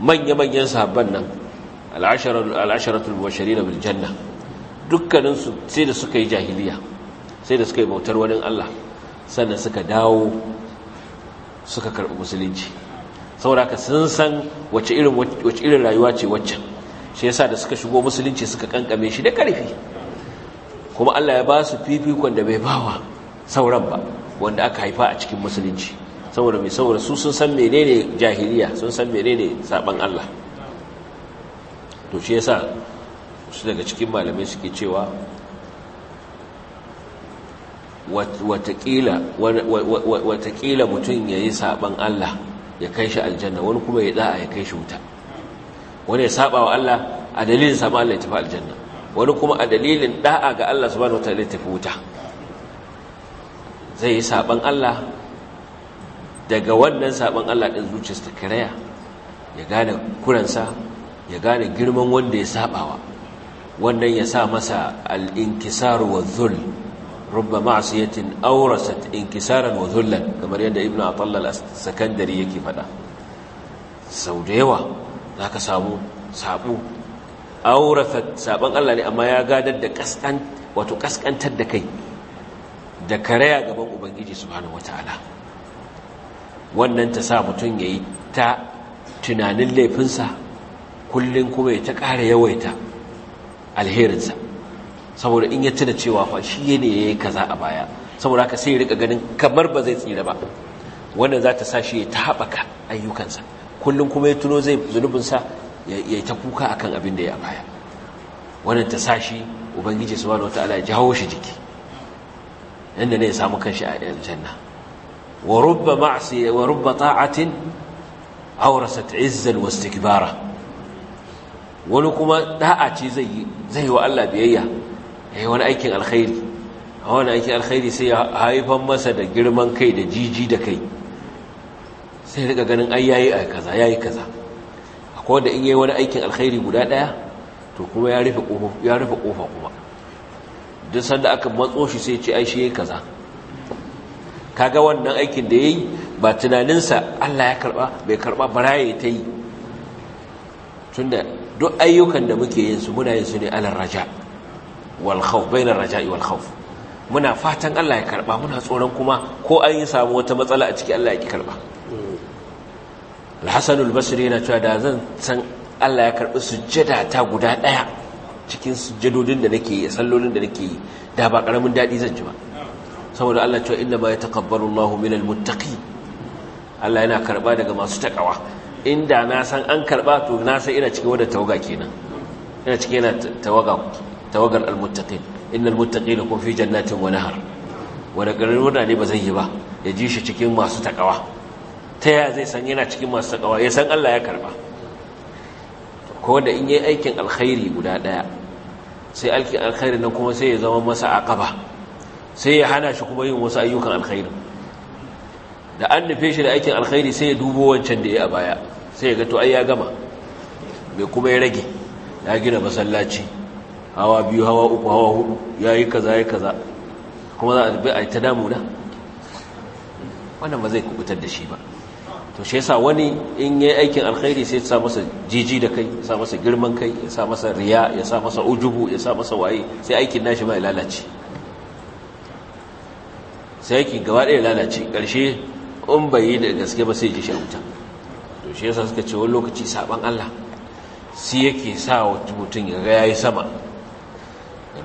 Speaker 1: manya-manyan sahabban nan al-asharatul al-asharatul mubashirin bil janna dukkaninsu sai da suka yi jahiliya sai da suka yi bautar wani Allah sannan suka dawo suka karɓi musulunci sauraka sun san wace irin rayuwa ce waccan shi yasa da suka shigo musulunci suka kankame shi da karfi kuma Allah ya ba su fifikon da bai bawa sauran ba wanda aka haifa a cikin musulunci saboda mai saboda su sun san menene jahiliya sun san menene saban Allah to shi yasa su daga cikin malamai suke cewa watakila mutum ya yi saɓan Allah ya kai shi aljanna wani kuma ya da'a ya kai shi wuta wani ya saɓa wa Allah a dalilin saɓa Allah ya tafi aljanna wani kuma a dalilin da'a ga Allah su na wata ya tafi wuta zai yi saɓan Allah daga wannan saɓan Allah ɗin zuciya su kiraya ya gane kuransa ya gane girman wanda ya saɓawa wannan ya sa masa al'inkisaru wa zulm rubba ma'asiyatin yatin inkisaran wa dhullan kamar yadda ibnu atalla al-sakandari yake fada sau da yawa zaka samu sabu awrasat saban Allah ne amma ya gadar da kaskan wato kaskantar da kai da karaya gaban ubangiji subhanahu wataala wannan ta sa mutun yayi ta tunanin laifinsa kullun kuma ya ta ƙara yawaita alherinsa saboda in ya tuna cewa fa shi ne yayi kaza a baya saboda haka sai ya rika ganin kamar ba zai tsira ba wannan za ta sa shi ya taɓaka ayyukansa kullum kuma ya tuno zai zunubinsa ya ta kuka akan abin da ya baya wannan ta sa shi ubangiji subhanahu wataala ya hawo shi jiki inda ne ya samu kanshi a aljanna wa rubba ma'asi wa rubba ta'atin awrasat izzan wastikbara wani kuma da'a ce zai yi wa Allah biyayya yayi eh, wani aikin alkhairi a wani aikin alkhairi sai ya haifan masa da girman kai da jiji da kai sai rika ganin ai yayi kaza yayi kaza akwai wanda in yayi wani aikin alkhairi guda daya to kuma ya rufe kofa kuma duk sanda aka matso shi sai ce ai shi yayi kaza kaga wannan aikin da yayi ba tunaninsa Allah ya karba bai karba baraye ta yi tunda duk ayyukan da muke yin su muna yin su ne alal raja' wal khawf bainar raja'i wal muna fatan Allah ya karba muna tsoron kuma ko an yi samu wata matsala a ciki Allah ya ki karba al-Hasan al-Basri yana cewa da zan san Allah ya karbi sujjada ta guda daya cikin sujjadodin da nake yi sallolin da nake yi da ba karamin dadi zan ji ba saboda Allah ya cewa inna ma yataqabbalu Allahu minal muttaqi Allah yana karba daga masu takawa inda na san an karba to na san ina cikin wadda tawaga kenan ina cikin yana tawaga tawagar almuttaqin innal muttaqina kun fi jannatin wa nahar wanda garuruwa ne ba zai yi ba ya ji shi cikin masu takawa ta yaya zai san yana cikin masu takawa ya san Allah ya karba ko da in yi aikin alkhairi guda daya sai aikin alkhairi nan kuma sai ya zama masa aqaba sai ya hana shi kuma yin wasu ayyukan alkhairi da an nufe shi da aikin alkhairi sai ya dubo wancan da ya a baya sai ya ga to ai ya gama mai kuma ya rage ya gina masallaci hawa biyu hawa uku hawa hudu ya yi kaza ya kaza kuma za a bi a ta na wannan ba zai kubutar da shi ba to shi yasa wani in ya yi aikin alkhairi sai ya sa masa jiji da kai ya sa masa girman kai ya sa masa riya ya sa masa ujubu ya sa masa waye sai aikin nashi ba ya lalace sai aikin gaba ɗaya lalace ƙarshe in bai yi da gaske ba sai ji shi wuta to shi yasa suka ce wani lokaci saban Allah sai yake sa mutum ya ga ya yi sama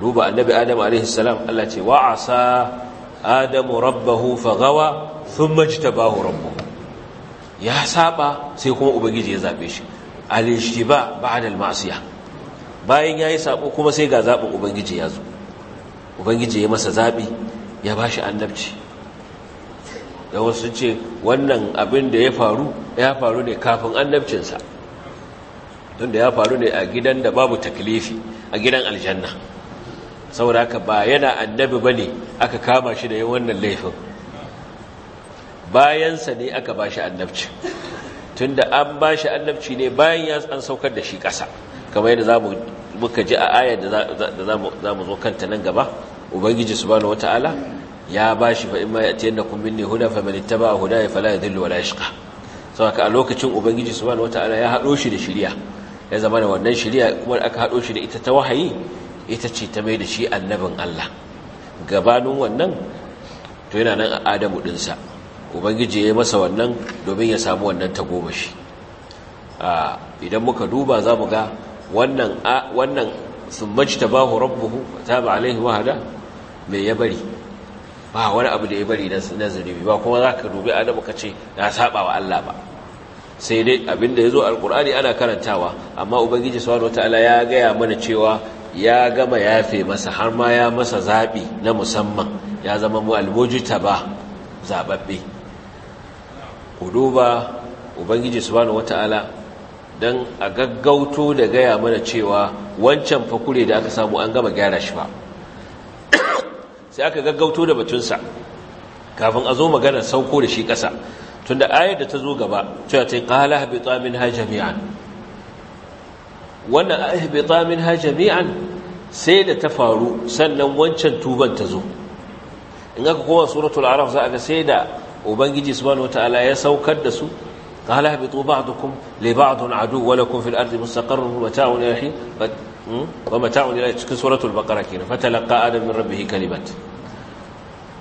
Speaker 1: duba annabi adam alaihi salam Allah ce wa asa adamu rabbahu faghawa thumma jtabahu rabbuhu ya saba sai kuma ubangiji ya zabe shi al-ishtiba ba'da al-ma'siyah bayan yayi sabo kuma sai ga zabin ubangiji ya zo ubangiji ya masa zabi ya bashi annabci da wasu ce wannan abin da ya faru ya faru ne kafin annabcinsa tunda ya faru ne a gidan da babu taklifi a gidan aljanna saboda haka ba yana annabi ba ne aka kama shi da yin wannan laifin bayansa ne aka ba shi annabci tun da an ba shi annabci ne bayan ya an saukar da shi ƙasa kamar yadda muka ji a ayar da za mu zo kanta nan gaba ubangiji su subhanahu wata'ala ya ba shi ya tiyan da yatiyannakum binne huda a huda ya fala yadhillu wala sau haka a lokacin ubangiji su subhanahu wata'ala ya haɗo shi da shiriya ya zama da wannan shiriya kuma aka haɗo shi da ita ta wahayi ita ce ta mai da shi annabin Allah gabanin wannan to yana nan a adamu ɗinsa ubangiji ya yi masa wannan domin ya samu wannan ta tagomashi idan muka duba za mu ga wannan sumbanci ta bahu rabbuhu ta ba alaihi wahada mai ya bari ba wani abu da ya bari na zunubi ba kuma za ka dubi adamu ka ce na saba wa Allah ba sai dai abinda ya zo alkur'ani ana karantawa amma ubangiji wata ala ya gaya mana cewa ya gama yafe masa har ma ya masa zaɓi na musamman ya zama mu almujita ba zaɓaɓɓe ku ba ubangiji su bani wata'ala don a gaggauto da gaya mana cewa wancan fakure da aka samu an gama gyara shi ba sai aka gaggauto da batunsa kafin a zo magana sauko da shi ƙasa tunda ayar da ta zo gaba cewa ta yi ƙala haɓe tsamin hajjami'an wannan ahbita ha jami'an sai da ta faru sannan wancan tuban ta zo in aka koma suratul araf za a ga sai da ubangiji subhanahu wataala ya saukar da su قال اهبطوا بعضكم لبعض عدو ولكم في الأرض مستقر ومتاع إلى حين ومتاع إلى cikin suratul baqara kenan fatalaqa adam min rabbih kalimat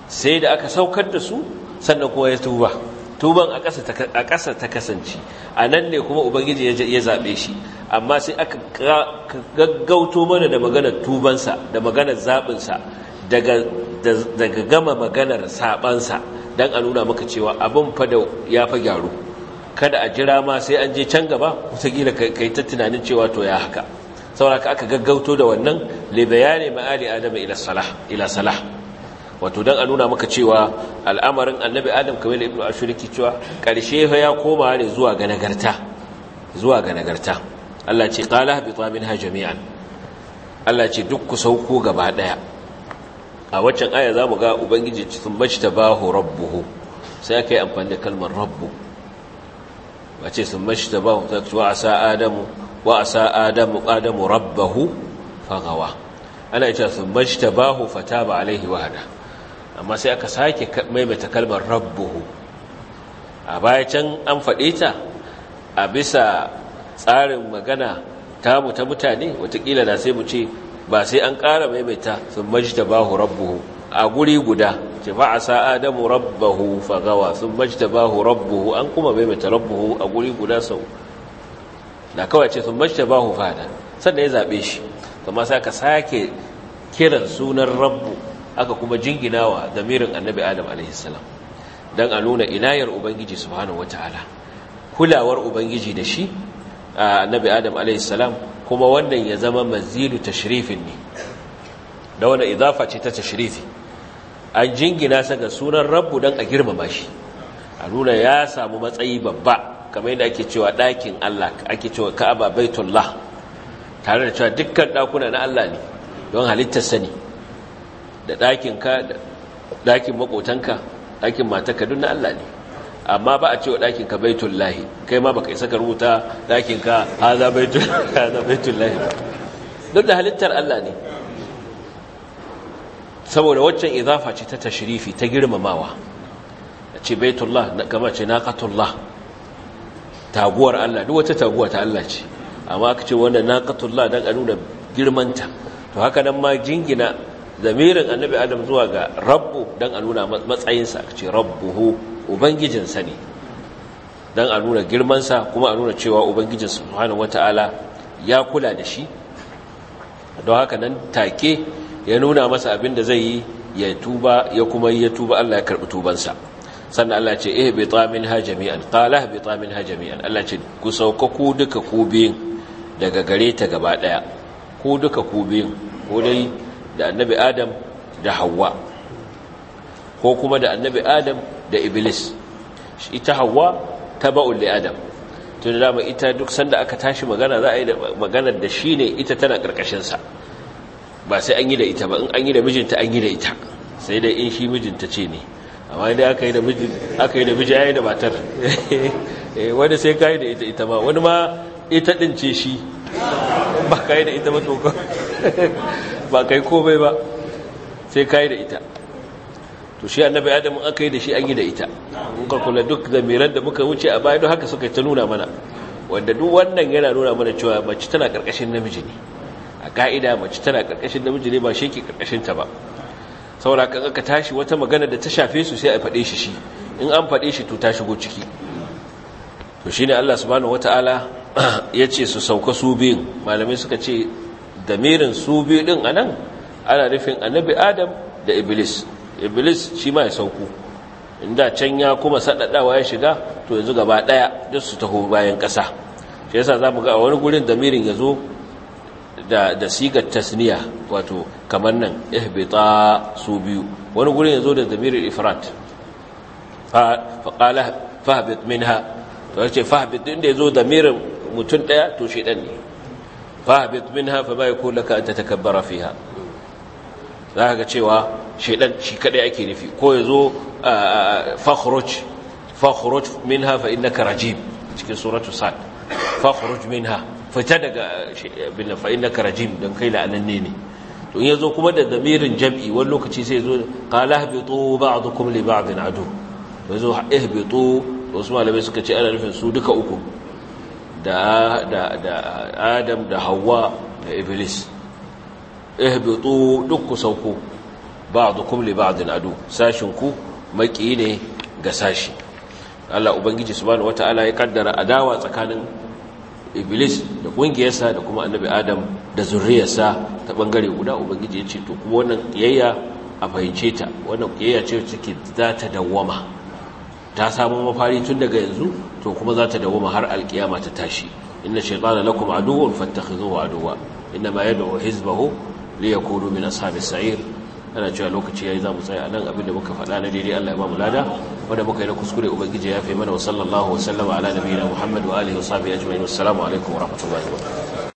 Speaker 1: sai da aka saukar da su sannan kuma ya tuba tuban a kasa ta kasance a nan ne kuma ubangiji ya zaɓe shi amma sai aka gaggauto mana da maganar tubansa da maganar zaɓinsa daga gama maganar saɓansa don a nuna maka cewa abin fada ya fa gyaru kada a jira ma sai an je can gaba kusa ka yi ta tunanin cewa to ya haka sauraka aka gaggauto da wannan libayani ma'ali adam ila salah wato don a nuna maka cewa al'amarin annabi adam kamar ibnu ashiriki cewa ƙarshe ya koma ne zuwa ga zuwa ga nagarta Allah ce qala bi minha jami'an Allah ce duk ku sauko gaba daya a waccan aya zamu ga ubangiji sun mashtabahu rabbuhu sai kai amfani da kalmar rabbu wace sun mashtabahu ta ce wa asa adamu wa asa adamu adamu rabbahu fagawa ana cewa sun mashtabahu fataba alaihi wa amma sai aka sake maimaita kalmar rabbuhu a baya can an faɗe ta a bisa tsarin magana tamu ta mutane watakila na sai mu ce ba sai an ƙara maimaita sun majita bahu rabbuhu a guri guda ce fa asa adamu rabbahu fagawa sun majita bahu rabbuhu an kuma maimaita rabbuhu a guri guda sau da kawai ce sun majita bahu fada sannan ya zaɓe shi kuma sai aka sake kiran sunan rabbu aka kuma jinginawa da mirin annabi adam alaihissalam don a nuna inayar ubangiji subhanahu wataala kulawar ubangiji da shi annabi adam alayhi salam kuma wannan ya zama mazilu tashrifin ne da wannan idafa ce ta tashrifi an jingina sa ga sunan rabbu dan a girmama shi a ya samu matsayi babba kamar yadda ake cewa ɗakin Allah ake cewa ka'aba baitullah tare da cewa dukkan ɗakuna na Allah ne don halittar sani da ɗakin ka ɗakin makotanka ɗakin matarka duk na Allah ne amma ba a ce wa ɗakinka ka baitun lahi kai ma baka isa ka rubuta ɗakinka. ka haza baitun lahi duk da halittar Allah ne saboda waccan izafa ce ta tashirifi, ta girmamawa a ce baitullah kama ce naqatullah taguwar Allah duk wata taguwa ta Allah ce amma aka ce wannan naqatullah don a nuna girmanta to haka nan ma jingina zamirin annabi adam zuwa ga rabbu don a nuna matsayinsa A ce rabbuhu ubangijinsa ne don a nuna girmansa kuma a nuna cewa ubangijin subhanahu wata'ala ya kula da shi don haka nan take ya nuna masa abin da zai yi ya tuba ya kuma ya tuba Allah ya karbi tubansa sannan Allah ce eh bi tamin ha jami'an qala bi tamin ha jami'an Allah ce ku sauka ku duka ku daga gare ta gaba ɗaya. ku duka ku ko dai da annabi Adam da hawa ko kuma da annabi Adam da iblis ita hawa taba'un li adam to da dama ita duk sanda aka tashi magana za a yi maganar da shi ne ita tana ƙarƙashinsa ba sai an yi da ita ba in an yi da mijinta an yi da ita sai dai in shi mijinta ce ne amma idan aka yi da miji aka yi da miji ya da matar wani sai ka yi da ita ita ma wani ma ita ɗin ce shi ba ka yi da ita ba to ba kai komai ba sai ka yi da ita to shi annabi adam aka yi da shi an yi da ita mun kalkula duk zamiran da muka wuce a baya don haka suka ta nuna mana wanda duk wannan yana nuna mana cewa mace tana karkashin namiji ne a ka'ida mace tana karkashin namiji ne ba shi ke karkashin ta ba saboda kan aka tashi wata magana da ta shafe su sai a faɗe shi shi in an faɗe shi to ta shigo ciki to shine Allah subhanahu wataala yace su sauka su biyin malamai suka ce damirin su biyu din anan ana nufin annabi adam da iblis iblis shi ma ya sauku inda can ya kuma saɗaɗawa ya shiga to yanzu gaba ɗaya duk su taho bayan ƙasa shi yasa za mu ga wani gurin damirin ya zo da, da sigar tasniya wato kamar nan ihbita su biyu wani gurin ya zo da damirin ifrat faƙala fahbit minha to yace fahbit din da ya zo damirin mutum ɗaya to shi ɗan ne fahbit minha fa bai yakun laka an takabbara fiha za ka cewa shaidan shi kadai ake nufi ko ya zo fakhruj fakhruj minha fa innaka rajim cikin suratu sad fakhruj minha fita daga bin fa innaka rajim dan kai la'ananne ne to yazo kuma da damirin jam'i wani lokaci sai yazo qala habitu ba'dukum li ba'din adu yazo ihbitu wasu malamai suka ce ana nufin su duka uku da da da adam da Hawwa da iblis ihbitu duk ku sauko ba'dukum li ba'din adu sashin ku maki ne ga sashi Allah ubangiji subhanahu wata'ala ya kaddara adawa tsakanin iblis da kungiyarsa da kuma annabi adam da zurriyarsa ta bangare guda ubangiji ya ce to kuma wannan kiyayya a fahimceta ta wannan kiyayya ce take za ta dawwama ta samu mafari tun daga yanzu to kuma za ta dawwama har alkiyama ta tashi inna shaytana lakum aduwwun fattakhidhuhu aduwwa inma yad'u hizbahu liyakunu min ashabis sa'ir ana cewa lokaci yayi za mu tsaya nan abin da muka faɗa na daidai Allah ya ba mu lada wanda muka yi na kuskure ubangiji ya fi mana wa sallallahu wa sallama ala nabiyina Muhammad wa alihi wa sahbihi ajma'in assalamu alaikum wa rahmatullahi wa barakatuh